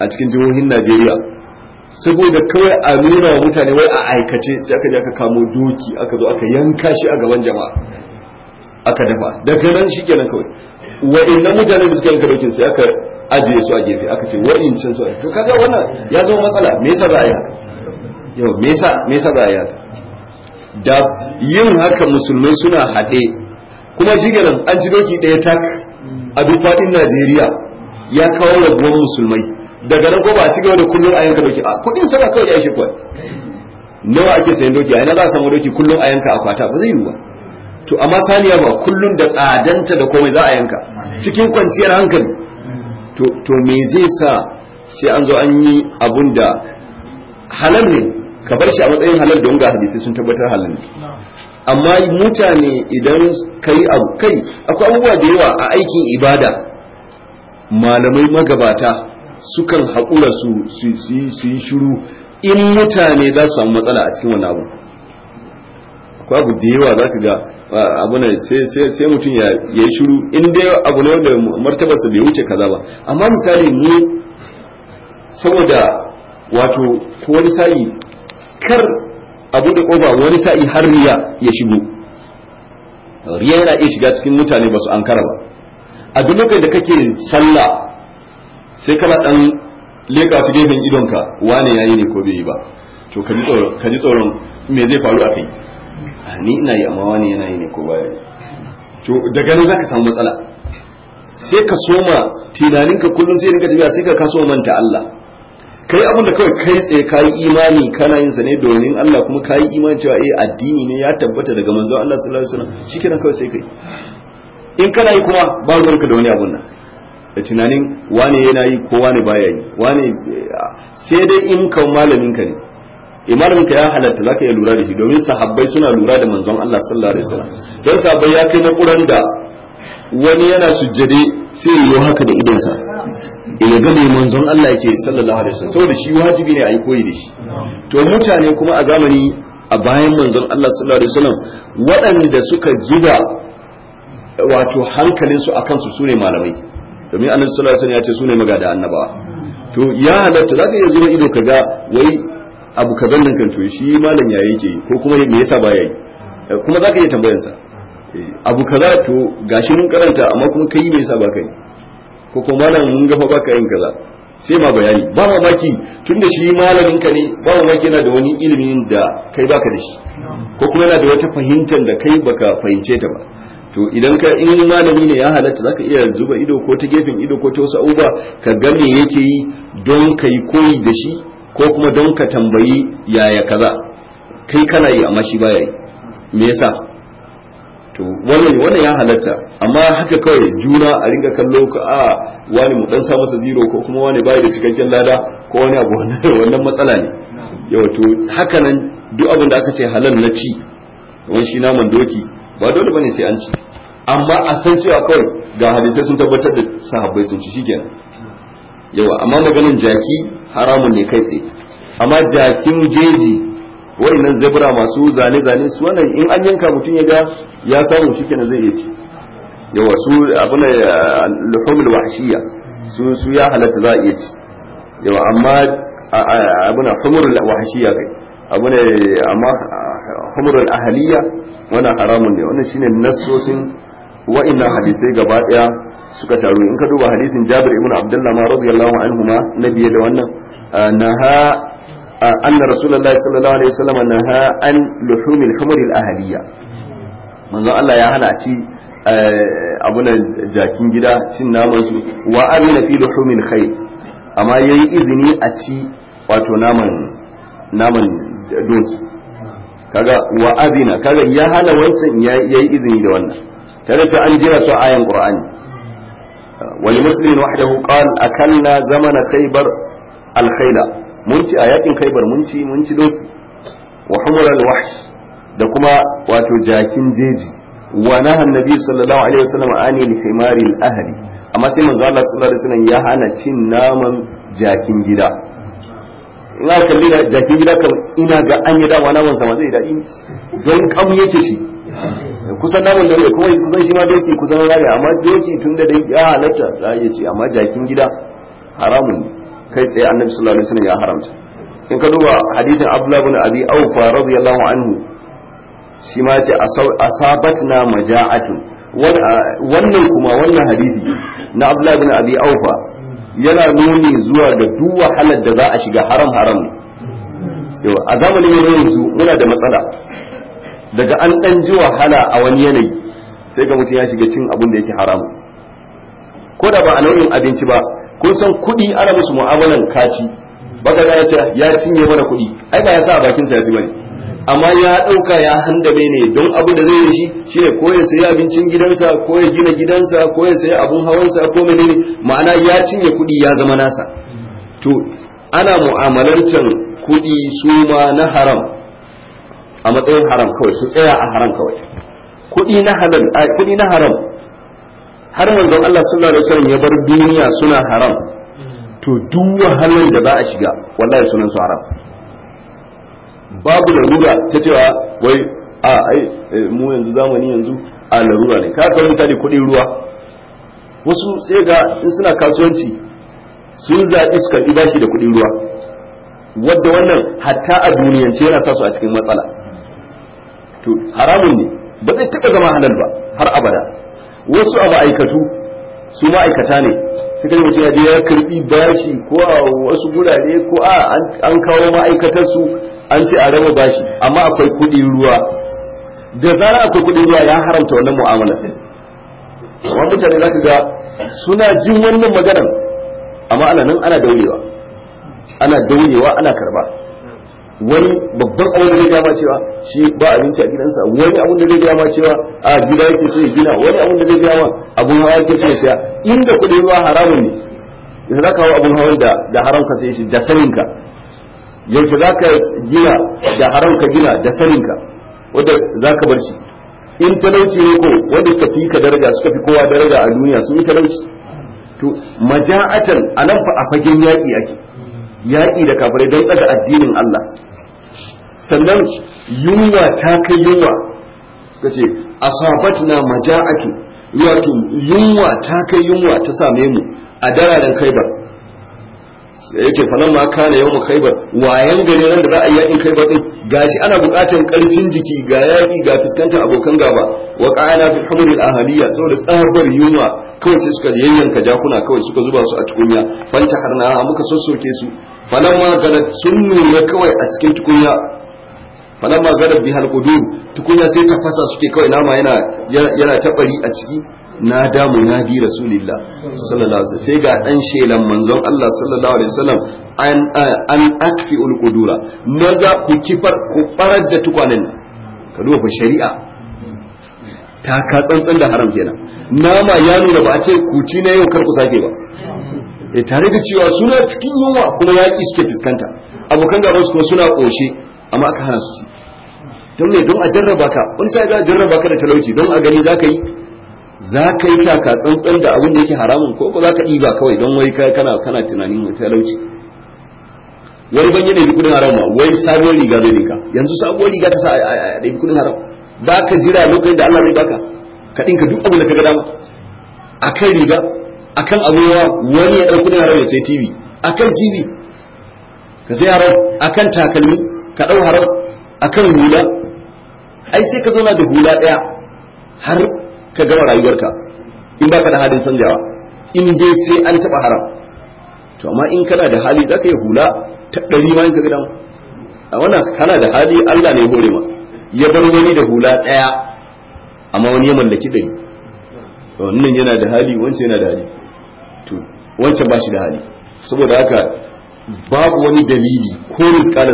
a cikin jihohin Najeriya saboda kawai a nuna mutane wai a aikace sai aka je aka kamo doki aka zo aka yanka shi a gaban jama'a aka dafa daga nan shi kenan kawai wa'annan mutane da suka yanka dokin sai aka ajiye su a gefe aka ce wa'incan su to kaga wannan ya zama matsala me yasa za a yi haka yau me yasa me yasa za a yi haka da yin haka musulmai suna haɗe kuma shi kenan an ci doki ɗaya tak a duk faɗin Najeriya ya kawo rabuwar musulmai daga nan ko ba a gaba da kullum a yanka doki a kudin sana kawai ya shi kwai nawa ake sayan doki a ina za a samu doki kullum a yanka akwata ba zai yiwu ba to amma saniya ba kullum da tsadanta da komai za a yanka cikin kwanciyar hankali to me zai sa sai an zo an yi abun da halal ne ka bar shi a matsayin halal don ga hadisi sun tabbatar halal ne amma mutane idan kai abu kai akwai abubuwa da yawa a aikin ibada malamai magabata sukan haƙura su su yi shiru in mutane za su samu matsala a cikin wannan abu akwai abu da yawa za ka ga abu ne sai mutum ya yi shiru in dai abu ne wanda martabarsa bai wuce kaza ba amma misali mu saboda wato ko wani sa'i kar abu da ƙofa wani sa'i har riya ya shigo riya yana iya shiga cikin mutane ba su an ba a duk lokacin da kake sallah sai kana dan leka su gefen idonka wane yayi ne ko bai yi ba to ka ji tsoron ka ji tsoron me zai faru akai ni ina yi amma wane yana yi ne ko baya to daga nan zaka samu matsala sai ka soma tunaninka kullum sai ka tafiya sai ka kaso manta Allah kai abin da kawai kai tsaye kai imani kana yin sa ne domin Allah kuma kai imani cewa eh addini ne ya tabbata daga manzon Allah sallallahu alaihi wasallam shikenan kawai sai kai in kana yi kuma ba ruwanka da wani abun nan da tunanin wane yana yi ko wane baya yi wane sai dai in kan malamin ka ne imamin eh, ka ya halatta zaka iya lura da shi domin sahabbai suna lura da manzon Allah sallallahu alaihi wasallam dan sahabbai ya kai makuran da wani yana sujjade sai ya haka da idonsa ya ga mai manzon Allah yake sallallahu alaihi wasallam saboda shi wajibi ne a yi koyi da shi to mutane kuma a zamani a bayan manzon Allah sallallahu alaihi wasallam waɗanda suka zuba wato hankalinsu akan su sune malamai domin annabi sallallahu alaihi wasallam ya ce sune magada annabawa to ya halatta zaka iya zuwa ido kaga wai abu kazan nan kan to shi malam ya yake ko kuma me yasa ba yayi eh, kuma zaka iya sa eh, abu kaza to gashi mun karanta amma kuma kai me yasa ba kai ko kuma malam mun gafa baka yin kaza sai ma bayani ba mamaki tunda shi malamin ka ne ba mamaki yana da wani ilimin da kai baka da shi ko kuma yana da wata fahimtar da kai baka fahimce ta ba to idan ka in malami ne ya halatta zaka iya zuba ido ko ta gefen ido ko ta wasu abubuwa ka ga me yake yi don ka yi koyi da shi ko kuma don ka tambayi yaya kaza kai kana yi amma shi baya yi me yasa to wannan wannan ya halatta amma haka kawai juna a ringa kallo ka a wani mu dan sa masa zero ko kuma wani bai da cikakken lada ko wani abu (laughs) wannan matsala ne yau to haka nan duk abin da aka ce halal na ci wani shi naman doki ba dole bane sai an ci amma a san cewa kawai ga hadisai sun tabbatar da sahabbai sun ci shikenan yawa amma maganin jaki haramun ne kai tsaye amma jakin jeji wayannan zebra masu zane zane su wannan in an yanka mutum ya ga ya samu shikenan zai iya ci yawa su abuna eh, luhumul wahshiya su su ya halatta za a iya ci yawa amma abuna humurul wahshiya kai abuna eh, amma humrul ahaliya wannan haramun ne wannan shine nassosin wa'annan hadisai gaba daya suka taru in ka duba hadisin Jabir ibn Abdullah ma radiyallahu anhu ma nabiye da wannan ah, naha ah, anna rasulullahi sallallahu alaihi wasallam naha an luhumil humrul ahaliya manzo Allah ya hana ci eh, abunan jakin gida cin naman su wa amina fi luhumil khayl amma yayi izini a ci wato naman naman doki kaga wa adina kaga ya hana wancan ya yi izini da wannan kaga sai an jira su ayan qur'ani wal muslimin wahdahu qal akalna zamana khaybar al khayla mun ci ayatin khaybar mun ci mun ci doki wa humur al wahsh da kuma wato jakin jeji wa nahan nabi sallallahu alaihi wasallam ani al himari al ahli amma sai manzo Allah sallallahu alaihi wasallam ya hana cin naman jakin gida za ka kalli jakin gida kan ina ga an yi dama naman sama zai daɗi don kamu yake shi kusan namun da kuma kusan shi ma doki kusan rari amma doki tun da dai ya halatta za a ce amma jakin gida haramun kai tsaye annabi sallallahu alaihi wasallam ya haramta in ka duba hadithin abdullah bin abi aufa radiyallahu anhu shi ma ce asabatna maja'atun wannan kuma wannan hadisi na abdullah bin abi aufa yana nuni zuwa ga duk wahalar da za a shiga haram haram ne a zamanin yanzu muna da matsala daga an dan ji wahala a wani yanayi sai ga mutum ya shiga cin abin da yake haram ko da ba a nau'in abinci ba kun san kuɗi ana musu mu'amalan kaci baka ya ce ya cinye mana kuɗi ai ba ya sa a bakinsa ya ci bane amma ya ɗauka ya handame ne don abu da zai yi shi shine ko ya sayi abincin gidansa ko ya gina gidansa ko ya sayi abun hawansa ko menene ma'ana ya cinye kuɗi ya zama nasa to ana mu'amalantar kuɗi su ma na haram a matsayin haram kawai su tsaya a haram kawai kuɗi na halal kuɗi na haram har manzon Allah sallallahu alaihi wasallam ya bar duniya suna haram to duk wahalar da za a shiga wallahi sunan su haram babu larura ta cewa wai a ai eh, mu yanzu zamani yanzu a larura ne ka ga misali kuɗin ruwa wasu sai ga in suna kasuwanci sun zaɓi su karɓi bashi da kuɗin ruwa wadda wannan hatta a duniyance yana sa su a cikin matsala to haramun ne ba zai taɓa zama halal ba har abada wasu a ma'aikatu su ma'aikata ne suka yi mutum ya je ya karbi bashi ko a wasu gurare ko a an kawo ma'aikatar su an ce a raba bashi amma akwai kuɗin ruwa da zara akwai kuɗin ruwa ya haramta wannan mu'amala amma mutane za ka ga suna jin wannan maganar amma ana nan ana daurewa ana daurewa ana karba wani babban abin da zai gama cewa shi ba abinci a gidansa wani abin da zai gama cewa a gida yake so ya gina wani abin da zai gama abun hawa yake so ya saya inda kuɗi ba haramun ne yanzu za ka hau abun hawan da haram ka sai shi da saninka yanzu za ka gina da haram ka gina da saninka wanda za ka bar shi in talauci ne ko wanda suka fi ka daraja suka fi kowa daraja a duniya sun yi talauci to maja'atan nan fa a fagen yaƙi ake yaƙi da kafirai don ɗaga addinin Allah sannan yunwa ta kai yunwa kace asabatna maja'atu wato yunwa ta kai yunwa ta same mu a dararen kaibar sai yake falan ma kana yau khaibar wayan gari nan da za a yi yakin kaibar din gashi ana bukatan karfin jiki ga yaki ga fuskantar abokan gaba wa qana fi humril ahaliya saboda tsabar yunwa kawai sai suka yayyanka jakuna kawai suka zuba su a tukunya fanta harna muka sassauke su falan ma sun nuna kawai a cikin tukunya falan ma zarar bihal qudur tukunya sai ta fasa suke kawai nama yana tabari a ciki na damu na bi rasulillah sallallahu alaihi sai ga dan shelan manzon Allah sallallahu alaihi wasallam an an akfi ul qudura maza ku kifar ku farar da tukwanen ka duba shari'a ta ka tsantsan da haram kenan nama ya nuna ba a ce ku ci na yau kar ku sake ba e tare da cewa suna cikin yunwa kuma yaki suke fuskanta abokan gaban su kuma suna ƙoshe amma aka hana su don ne don a jarraba ka wani sai za a jarraba ka da talauci don a gani za ka yi za ka yi taka tsantsan da abin da yake haramun ko za ka ɗiba kawai don wai kana kana tunanin talauci wani ban yana kudin haram ma wai sabuwar riga zai dinka yanzu sabuwar riga ta sa a ɗabi kudin haram ba ka jira lokacin da Allah zai baka ka ɗinka duk abin da ka ga dama kan riga a kan abubuwa wani ya ɗauki kudin haram ya sai TV A kan TV ka sai haram kan takalmi ka ɗau haram kan hula ai sai ka zauna da hula ɗaya har ka gama rayuwarka in ba ka da halin sanjawa in dai sai an taɓa haram to amma in kana da hali za ka yi hula ta ɗari ma in ka gidan a wannan kana da hali Allah ne hore ma ya bar wani da hula ɗaya amma wani ya mallaki ɗari wannan yana da hali wancan yana da hali to wancan ba shi da hali saboda haka babu wani dalili ko rizka da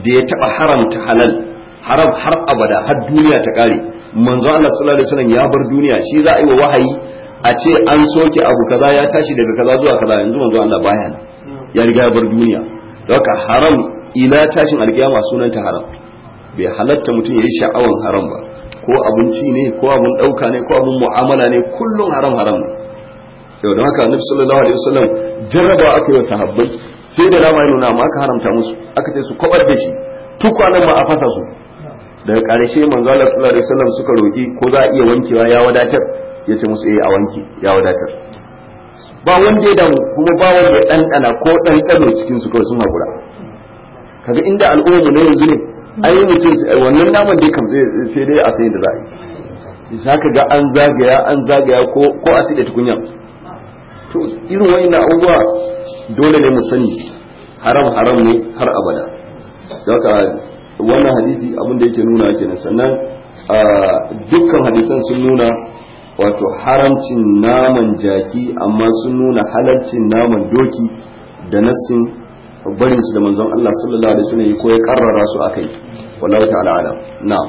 da ya taba haramta halal haram har abada har duniya ta kare manzo Allah sallallahu alaihi wasallam ya bar duniya shi za a yi wa wahayi a ce an soke abu kaza ya tashi daga kaza zuwa kaza yanzu manzo Allah baya ya riga ya bar duniya don haka haram ila tashin alkiyama sunanta haram bai halatta mutum ya yi sha'awan haram ba ko abinci ne ko abin ɗauka ne ko abin mu'amala ne kullum haram haram ne yau don haka annabi sallallahu alaihi wasallam jarraba aka yi wa sahabbai sai da rama nuna ma aka haramta musu aka ce su kwabar da shi tukwanan ma a fasa su daga ƙarshe manzo Allah sallallahu alaihi wasallam suka roki ko za a iya wankewa ya wadatar ya ce musu eh a wanke ya wadatar ba wanda ya damu kuma ba wanda ya ɗanɗana ko ɗanɗano cikin su kawai sun haƙura kaga inda al'ummu ne yanzu ne ai mutum wannan naman dai kam sai dai a sayin da za a yi za ka ga an zagaya an zagaya ko a sai da tukunya to irin na abubuwa dole ne mu sani haram haram ne har abada daga wannan hadisi abin da yake nuna kenan sannan dukkan hadisan sun nuna wato haramcin naman jaki amma sun nuna halalcin naman doki da nassin barin su da manzon Allah sallallahu alaihi wasallam ko ya karrara su akai wallahi ta'ala na'am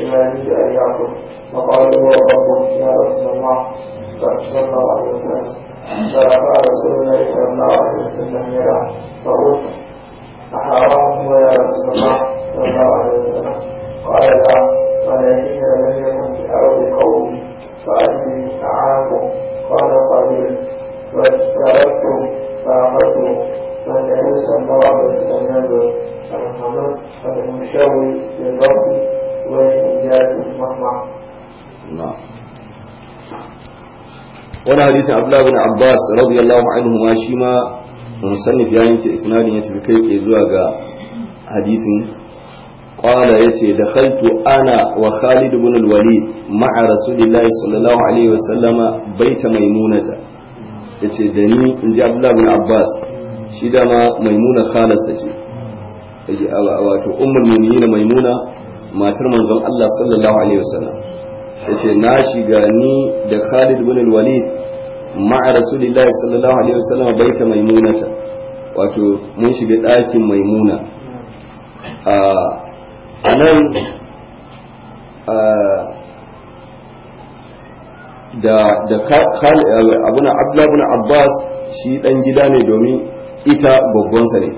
بما يريد أن يعقل فقال هو ربكم يا رسول الله صلى الله عليه وسلم فرفع رسول الله صلى الله عليه وسلم يده فقلت أحرام هو يا رسول الله صلى الله عليه وسلم قال لا ولكن لم يكن في أرض قومي فأتني أعاكم قال قليل فاشتركتم فأخذتم فالنبي صلى الله عليه وسلم يقول المنشوي للرب wani hadisin abdullahi bin abbas radiyallahu anhu ma shi ma musannif ya yanke isnadin ya tafi kai tsaye zuwa ga hadisin qala yace dakhaltu ana wa khalid ibn al-walid ma'a rasulillahi sallallahu alaihi wa sallama ta maimunata yace da ni inji abdullahi bin abbas shi dama maimuna khalas ce wato ummul mu'minin maimuna matar manzon Allah sallallahu alaihi wasallam yace na shiga ni da Khalid bin al-Walid ma'a Rasulullahi sallallahu alaihi wasallam baita maimunata wato mun shiga ɗakin maimuna a a da da eh, abuna bin abbas shi ɗan gida ne domin ita sa ne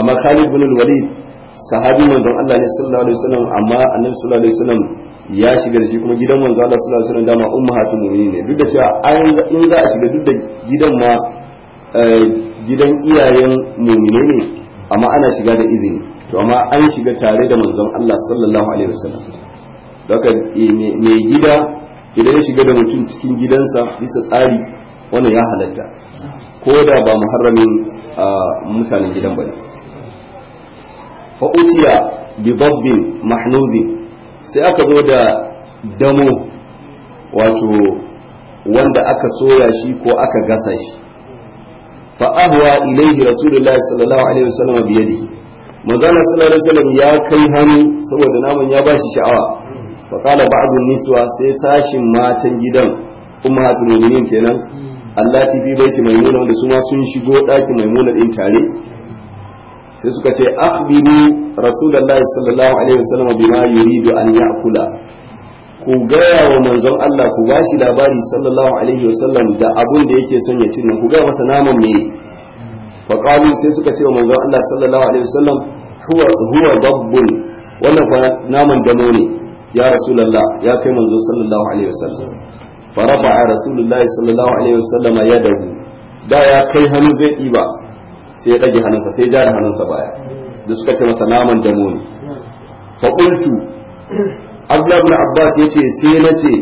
amma khalid bin walid sahabi manzon Allah ne sallallahu alaihi wasallam amma annabi sallallahu alaihi wasallam ya shiga da shi kuma gidan manzon Allah sallallahu alaihi wasallam dama ummatul mu'minin ne duk da cewa in za a shiga duk da gidan ma eh, gidan iyayen mu'mine ne amma ana shiga da izini to amma an shiga tare da manzon Allah sallallahu alaihi wasallam daga mai gida idan ya shiga da mutum cikin gidansa bisa tsari wannan ya halatta ko da ba muharramin ah, mutanen gidan bane fa utiya bi sai aka zo da damo wato wanda aka soya shi ko aka gasa shi Fa'awa ilaihi rasulullahi sallallahu alaihi wasallam bi yadihi manzana sallallahu alaihi wasallam ya kai hannu saboda naman ya bashi sha'awa fa qala ba'dun niswa sai sashin matan gidan ummatul mu'minin kenan allati fi baiti maimuna wanda su ma sun shigo daki maimuna din tare sai suka ce akhbiru rasulullahi sallallahu alaihi wasallam bima yuridu an ya'kula ku gaya wa manzon Allah ku bashi labari sallallahu alaihi wasallam da abun da yake son ya cinna ku gaya masa naman me faqalu sai suka ce wa manzon Allah sallallahu alaihi wasallam huwa huwa dabbun wannan fa naman da ne ya rasulullah ya kai manzon sallallahu alaihi wasallam farafa rasulullahi sallallahu alaihi wasallam yadahu da ya kai hannu zai ɗiba sai ya ɗage hannunsa sai ya da hannunsa baya da suka ce masa naman damo ne fa qultu abdullah ibn abbas yace sai na ce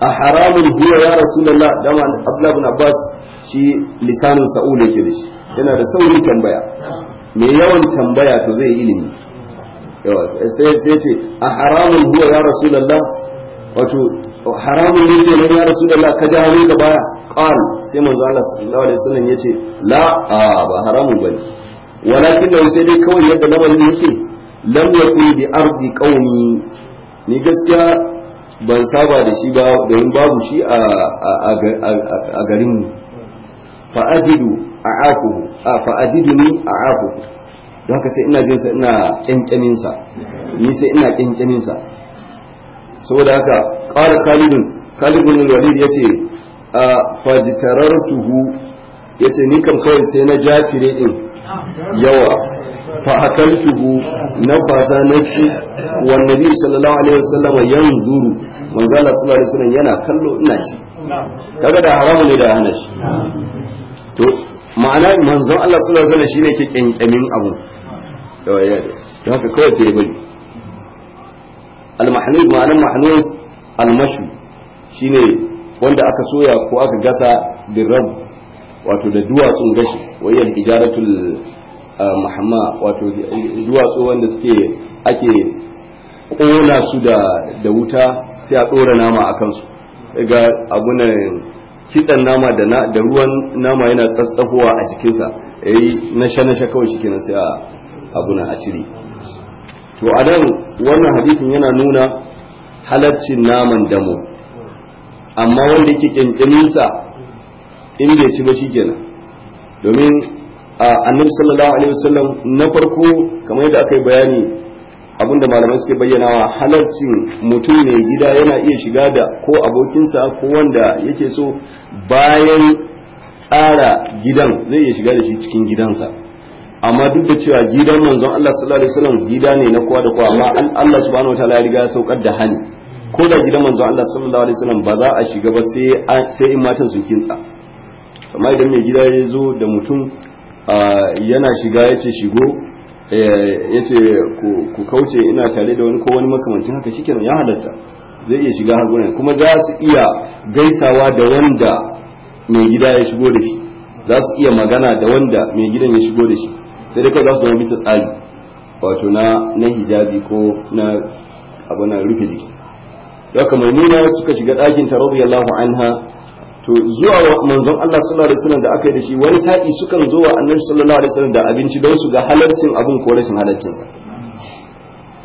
a haramun huwa ya rasulullah dama abdullah ibn abbas shi lisanin sa'ul yake da shi yana da saurin tambaya mai yawan tambaya to zai ilimi sai sai ce a haramun huwa ya rasulullah wato haramun ne ce ya rasulullah ka ja hannunka baya qal sai manzo Allah sallallahu alaihi wasallam yace la a ba haramun bane walakin da sai dai kawai yadda lamarin yake lam yakun bi ardi qaumi ni gaskiya ban saba da shi ba Da domin babu shi a garin mu fa ajidu a'akuhu fa ajiduni a'akuhu don haka sai ina jinsa ina kyankyamin sa ni sai ina kyankyamin sa saboda haka qala khalidun khalid bin walid yace a fajtarartuhu ya ni kam kawai sai na jafire in yawa fa tuhu na fasa na ci wanda biyu sallallahu alaihi wasallam yan zuru manzala sallallahu alaihi wasallam yana kallo ina ci kaga da haramu ne da hana shi to ma'ana manzon Allah sallallahu alaihi wasallam shine ke kenkemin abu to haka kawai sai bari al-mahnud ma'anan mahnud al-mashu shine wanda aka soya ko aka gasa ram wato da duwatsun gashi wayan ijaratul ah, mahamma wato duwatsu wanda suke ake kona su da wuta sai a ɗora nama a kansu ga abunan kitsan nama da ruwan nama yana tsatsafowa a jikinsa yayi nasha-nasha kawai shi kenan sai a abuna a cire to a nan wannan hadisin yana nuna halaccin naman damo amma wanda yake kyankyaminsa in bai ci ba shi kenan domin annabi sallallahu alaihi wasallam na farko kamar yadda aka yi bayani abinda malamai suke bayyanawa halarcin mutum mai gida yana iya shiga da ko abokinsa ko wanda yake so bayan tsara gidan zai iya shiga da shi cikin gidansa amma duk da cewa gidan manzon Allah sallallahu alaihi wasallam gida ne na kowa da kowa amma Allah subhanahu wataala ya riga ya saukar da hani ko da gidan manzo Allah sallallahu alaihi wasallam ba za a shiga ba sai sai in matan sun kintsa amma idan mai gida ya zo da mutum yana shiga ya ce shigo eh, ya ku kauce ina tare da wani ko wani makamancin haka shikenan ya halatta zai iya shiga har kuma za su iya gaisawa da wanda mai gida ya shigo da shi za su iya magana da wanda mai gidan ya shigo da shi sai dai kai za su zama bisa tsari wato na na hijabi ko na abu na rufe jiki daga maimuna suka shiga ɗakin ta radiyallahu anha to zuwa manzon Allah sallallahu alaihi wasallam da aka yi da shi wani sa'i sukan zo wa annabi sallallahu alaihi wasallam da abinci don su ga halaccin abin ko rashin halaccin sa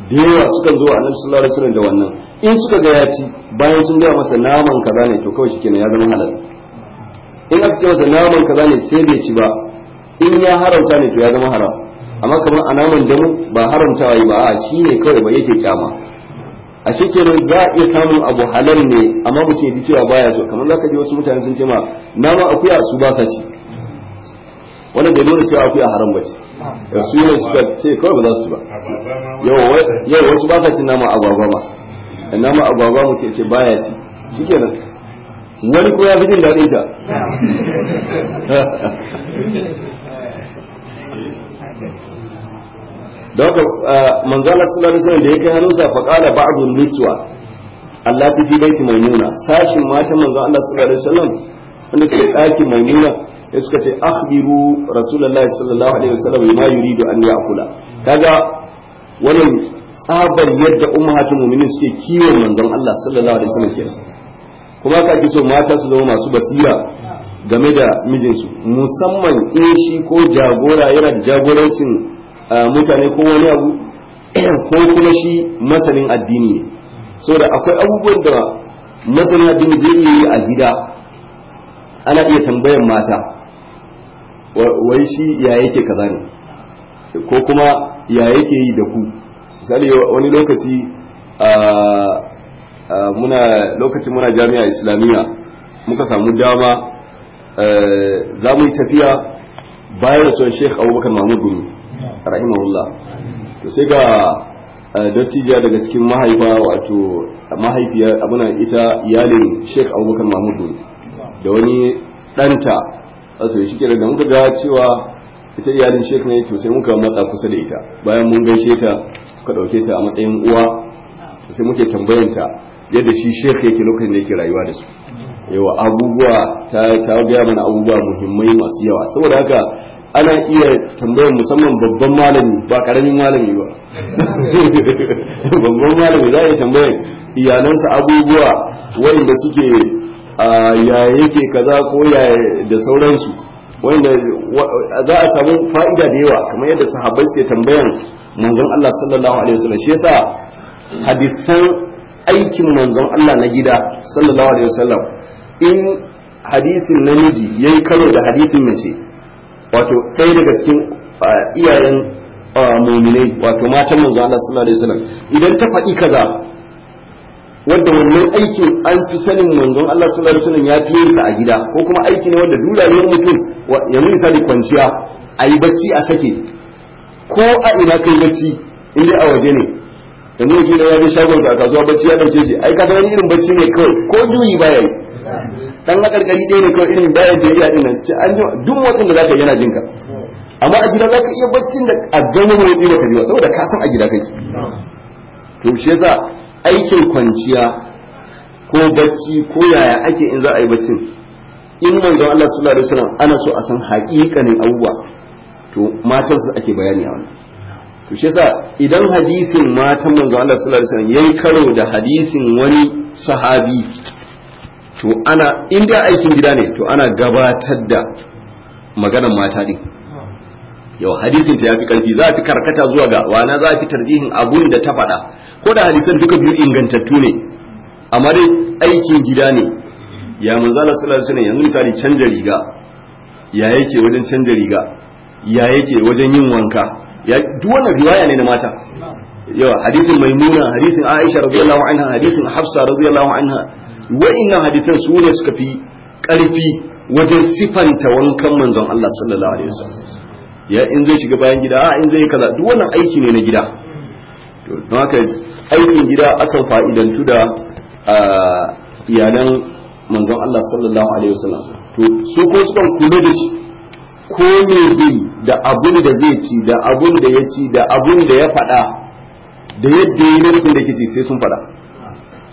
da yawa sukan zo wa annabi sallallahu alaihi wasallam da wannan in suka ga ya ci bayan sun ga masa naman kaza ne to kawai shikenan ya zama halal in aka ce masa naman kaza ne sai bai ci ba in ya haramta ne to ya zama haram amma kamar a naman damu ba haramtawa yi ba a shi ne kawai ba yake kyama a shekarun za a iya samun abu halal ne amma mutum ji cewa baya so kamar za ka ji wasu mutane sun ce ma nama akuya su ba sa ci wannan da nuna cewa akuya haram ba ce su ne suka ce kawai ba za su ci ba yau wasu ba sa ci nama agwagwa ba nama agwagwa mutum ce baya ci shikenan wani kuma ya fi jin daɗin ta (laughs) don haka Allah sallallahu alaihi wasallam da ya kai hannunsa fa qala ba'dun niswa Allah ta fi baiti maimuna sashin matan manzo Allah sallallahu alaihi wasallam wanda suke ɗakin maimuna ya suka ce akhbiru rasulullahi sallallahu alaihi wasallam ma yuridu an ya'kula kaga wannan tsabar yadda ummatul mu'minin suke kiwon manzon Allah sallallahu alaihi wasallam kenan kuma ka ji so mata su zama masu basira game da mijinsu musamman in shi ko jagora yana da jagorancin mutane ko wani abu (clears throat) ko kuma shi masanin addini ne saboda akwai abubuwan da masanin addini zai iya yi a gida ana iya tambayan mata wai shi ya yake kaza ne ko kuma ya yake yi da ku misali wani lokaci muna lokacin muna jami'a islamiyya muka samu dama eh, za mu yi tafiya bayan rasuwan sheikh abubakar mahmud gumi rahimahullah to sai ga eh, dattijiya daga cikin mahaifa wato mahaifiyar abuna ita iyalin sheik abubakar mahmudu da wani ɗanta asu shi da muka ga cewa ita iyalin sheik ne to sai muka matsa kusa da ita bayan mun gaishe ta kuka ɗauke ta a matsayin uwa sai muke tambayanta yadda shi sheik yake lokacin da yake rayuwa da su yawa abubuwa ta gaya mana abubuwa muhimmai masu yawa saboda haka ana iya tambayar musamman babban malami ba karamin malami ba (laughs) babban malami za a iya tambayar iyalansa abubuwa wanda suke yaye ke kaza ko yaye da sauransu wanda za a samu fa'ida da yawa kamar yadda sahabbai suke tambayar manzon Allah sallallahu alaihi wasallam shi yasa hadisan aikin manzon Allah na gida sallallahu alaihi wasallam in hadisin namiji yayi karo da hadisin mace wato ɗaya daga cikin iyayen muminai wato matan manzo Allah sallallahu alaihi wasallam idan ta faɗi kaza wanda wannan aikin an fi sanin manzo Allah sallallahu alaihi wasallam ya fiye sa a gida ko kuma aiki ne wanda ne mutum ya yi misali kwanciya a yi bacci a sake ko a ina kai bacci in a waje ne yanzu ne ya je shagon sa a kasuwa bacci ya dauke shi ai ka san irin bacci ne kawai ko juyi baya yi dan gargari dai ne kawai irin bayan da ya ci an yi duk motsin da zaka yi yana jinka amma a gida zaka iya baccin da a ganin motsi baka biyo saboda ka san a gida kai to shi yasa aikin kwanciya ko bacci ko yaya ake in za a yi baccin in manzon Allah sallallahu alaihi wasallam ana so a san haƙiƙanin abubuwa to matan su ake bayani a wannan to shi yasa idan hadisin matan manzon Allah sallallahu alaihi wasallam yayi karo da hadisin wani sahabi to ana inda aikin gida ne to ana gabatar da maganar mata ne. yau hadisin ta yafi karfi za fi karkata zuwa ga wana za fi tarjihin abun da ta faɗa ko da hadisan duka biyu ingantattu ne amma dai aikin gida ne ya manzala sallallahu alaihi wasallam yanzu misali canja riga ya yake wajen canja riga ya yake wajen yin wanka ya duk wannan riwaya ne na mata yawa hadisin maimuna hadisin aisha radiyallahu anha hadisin hafsa radiyallahu anha wa'annan hadisan su ne suka fi karfi wajen sifanta wankan manzon Allah sallallahu alaihi wasallam ya in zai shiga bayan gida a in zai kaza duk wannan aiki ne na gida to don haka aikin gida akan fa'idantu da iyalan manzon Allah sallallahu alaihi wasallam to su ko kan kula da shi ko me zai da abun da zai ci da abun da ya ci da abun da ya faɗa da yadda ya nufin da ke ci sai sun faɗa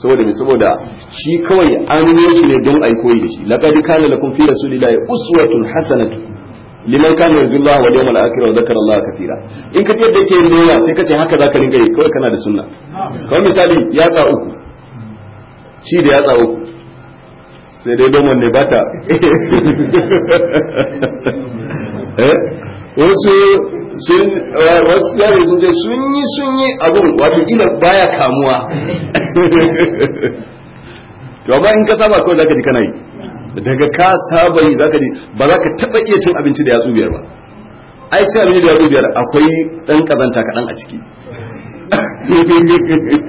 saboda me saboda shi kawai an yi shi ne don ai koyi da shi laqad kana lakum fi rasulillahi uswatun hasanatu liman kana yarjullaha wal yawmal akhir wa dhakara Allah katira in ka yadda yake doya sai ka ce haka zaka ringa yi kawai kana da sunna kawai misali ya tsawo uku ci da tsawo uku sai dai don wanne bata (laughs) eh wasu sun eh, wasu yare sun ce sun yi sun yi abin wato baya kamuwa (laughs) to amma in ka saba kawai zaka ji kana yi daga ka saba yi zaka ji ba za ka taba iya cin abinci da yatsu biyar ba ai cin abinci da yatsu biyar akwai dan kazanta kaɗan a ciki (laughs)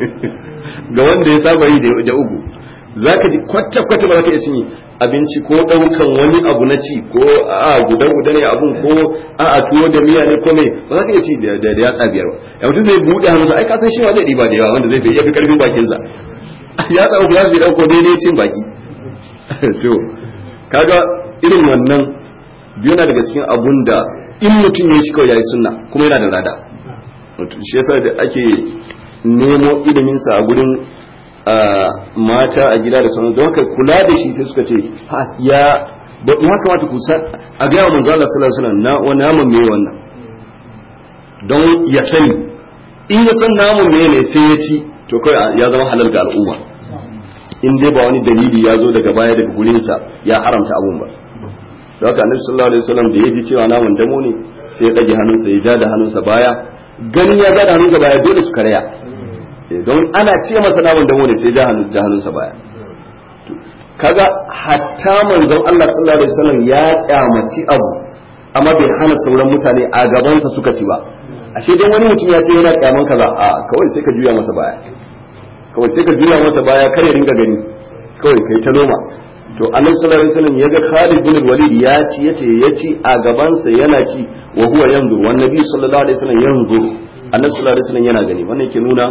ga wanda ya saba yi da ugu za ka ji kwata-kwata ba za ka iya cinye abinci ko ɗaukan wani abu na ci ko a guda guda ne abun ko a a tuwo da miya ne ko ba za ka iya ci da ya yatsa biyar ba ya mutum zai buɗe hannu ai ka san shi ma zai ɗiba da yawa wanda zai bai iya bakin sa Ya (laughs) yatsa ku za su bi ɗauko daidai cin baki (laughs) to kaga irin wannan biyu na daga cikin abun da in mutum ya shi kawai ya yi sunna kuma yana da lada shi yasa da ake nemo iliminsa a gurin mata a gida da sauran don haka kula da shi sai suka ce ya ya kamata ku sa a ga manzo zalla sallallahu alaihi wasallam na wa namun me wannan don ya sani in ya san namu me ne sai ya ci to kai ya zama halal ga al'umma in dai ba wani dalili ya zo daga baya daga gurinsa ya haramta abun ba don haka annabi sallallahu alaihi wasallam da ya ji cewa namun damo ne sai ya dage hannunsa ya ja da hannunsa baya ganin ya ja da hannunsa baya dole su karaya. don ana ce masa namun damo wani sai ja hannunsa baya kaga hatta manzon Allah sallallahu alaihi wasallam ya tsamaci abu amma bai hana sauran mutane a gabansa suka ci ba ashe dan wani mutum ya ce yana kyaman kaza a kawai sai ka juya masa baya kawai sai ka juya masa baya kar ya ringa gani kawai kai ta noma to Allah sallallahu alaihi wasallam yaga Khalid bin Walid ya ci yace ya ci a gabansa yana ci wa huwa yanzur wannabi sallallahu alaihi wasallam yanzur Allah sallallahu alaihi wasallam yana gani wannan yake nuna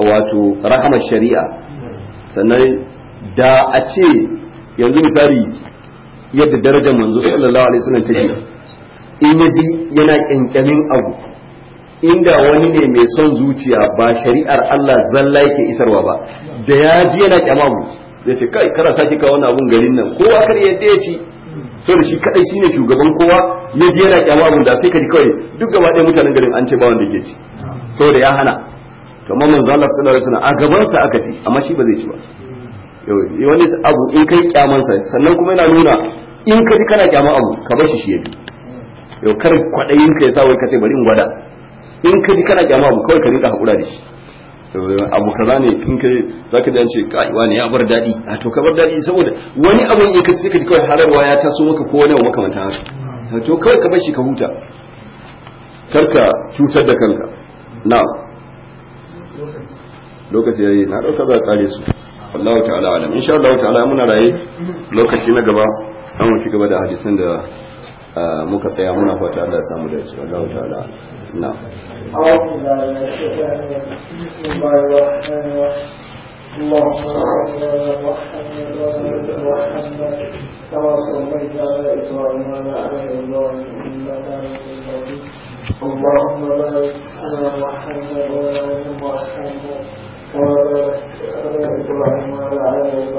wato rahamar shari'a sannan da a ce yanzu misali yadda darajar manzo sallallahu alaihi wasallam take in yaji yana kyankyamin abu inda wani ne mai son zuciya ba shari'ar Allah zalla yake isarwa ba da ya ji yana kyamamu zai ce kai kara sake kawo wani abun garin nan kowa kar yadda ya ci so da shi kadai shine shugaban kowa ya ji yana kyamamu da sai ka ji kawai duk gaba ɗaya mutanen garin an ce ba wanda yake ci saboda ya hana kamar manzo Allah sallallahu alaihi suna a gaban sa aka ci amma shi ba zai ci ba eh, wani abu in kai kyaman sa sannan kuma yana nuna in ka ji kana kyaman abu ka bar shi shi yabi yau kar kwadayin ka yasa wai ka ce bari in gwada in ka ji kana kyaman abu kawai ka rinka hakura da shi eh, abu kaza ne in kai zaka ji dace ka kai wani ya bar dadi a to ka bar dadi saboda wani abu in ka ce ka ji kawai halarwa ya taso maka ko wani makamantan haka to kawai ka bar shi ka huta karka cutar da kanka na'am lokaci yayi na dauka za kare su Allah ta'ala alam insha Allah ta'ala muna raye lokaci na gaba an wuce gaba da hadisin da muka tsaya muna fata Allah ya samu dace Allah ta'ala na اللهم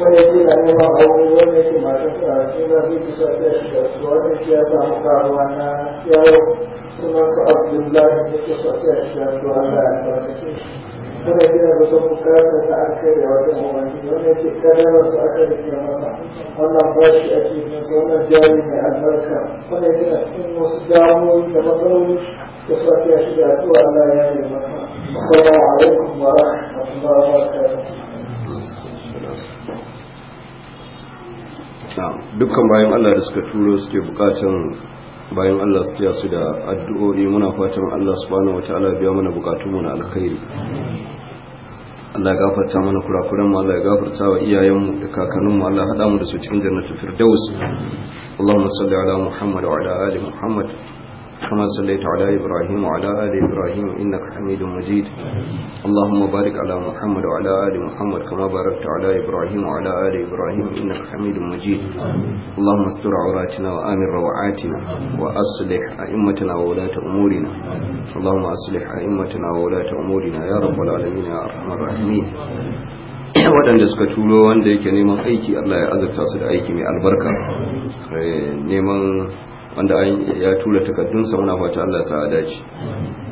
wanda ce na neman aure wanda ce matar sa suna bi ki sa ta shiga su wanda ce ya samu karuwa na yaro suna su abdullahi da ke ta shiga su wanda ya albarkace wanda ce na zuwa bukasa ta an kai da wata umarni wanda ce kadara su aka rike masa wannan bashi a ke su wannan jari mai albarka wanda ce na cikin wasu damuwoyi da matsaloli da su ta shiga su wanda ya yi masa. Assalamu alaikum wa rahmatullahi wa barakatuh. dukkan bayan Allah da suka turo suke bukatan bayan Allah su ya su da addu'o'i muna fatan Allah su wata ala biya mana bukatu na alkhairi Allah ya gafarta mana kurakuran mu Allah ya gafarta wa iyayen da kakannin mu Allah ya hada mu da su cikin jannatul firdaus Allahumma salli ala Muhammad wa ala ali Muhammad كما صليت على إبراهيم وعلى آل إبراهيم إنك حميد مجيد اللهم بارك على محمد وعلى آل محمد كما باركت على إبراهيم وعلى آل إبراهيم إنك حميد مجيد اللهم استر عوراتنا وآمن روعاتنا وأصلح أئمتنا وولاة أمورنا اللهم أصلح أئمتنا وولاة أمورنا يا رب العالمين يا أرحم الراحمين waɗanda suka turo wanda yake neman aiki Allah ya azurta su da aiki mai albarka neman wanda ya tura takardunsa muna fata Allah ya sa a dace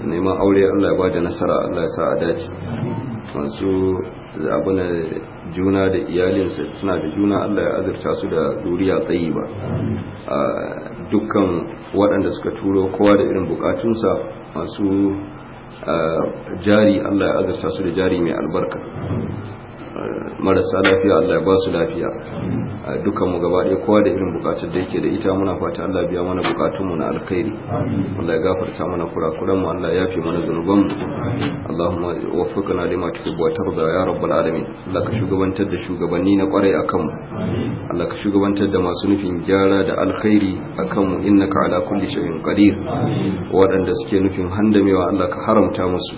neman aure Allah ya bada nasara Allah ya sa a dace masu abuna juna da iyalinsa suna da juna Allah ya azurta su da duriya tsayi ba dukkan waɗanda suka turo kowa da irin bukatunsa masu jari Allah ya azurta su da jari mai albarka marasa lafiya Allah ya ba su lafiya dukan mu gaba ɗaya kowa da irin bukatun da yake da ita muna fata Allah biya mana bukatun mu na alkhairi Allah ya gafarta mana kurakuran mu Allah ya yafe mana zunuban mu Allahumma waffiqna lima tuhibbu wa tarda ya rabbal alamin Allah ka shugabantar da shugabanni na kwarai akan mu Allah ka shugabantar da masu nufin gyara da alkhairi akan mu innaka ala kulli shay'in qadir waɗanda suke nufin handamewa Allah ka haramta musu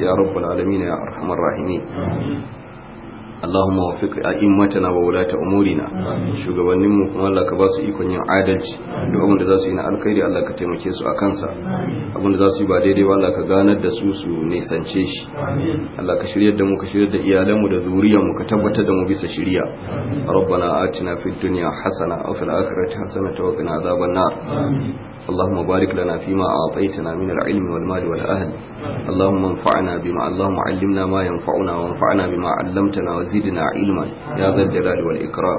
ya rabbal alamin ya arhamar rahimin Allahumma waffiq a'immatana wa wulata umurina shugabannin Shugabanninmu kuma Allah ka ba su ikon yin adalci duk abin da za su yi na alkhairi Allah ka taimake su a kansa abin da za su yi ba daidai ba Allah ka ganar da su su nisance shi Allah ka shiryar da mu ka shiryar da iyalan da zuriyar mu ka tabbatar da mu bisa shiriya rabbana atina fid dunya hasana wa fil akhirati hasana wa qina adhaban nar اللهم بارك لنا فيما أعطيتنا من العلم والمال والأهل اللهم انفعنا بما اللهم علمنا ما ينفعنا وانفعنا بما علمتنا وزدنا علما يا ذا الجلال والإكرام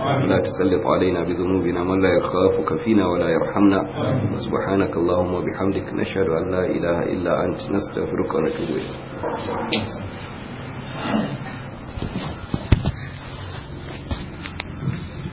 لا تسلط علينا بذنوبنا من لا يخافك فينا ولا يرحمنا سبحانك اللهم وبحمدك نشهد أن لا إله إلا أنت نستغفرك ونتوب إليك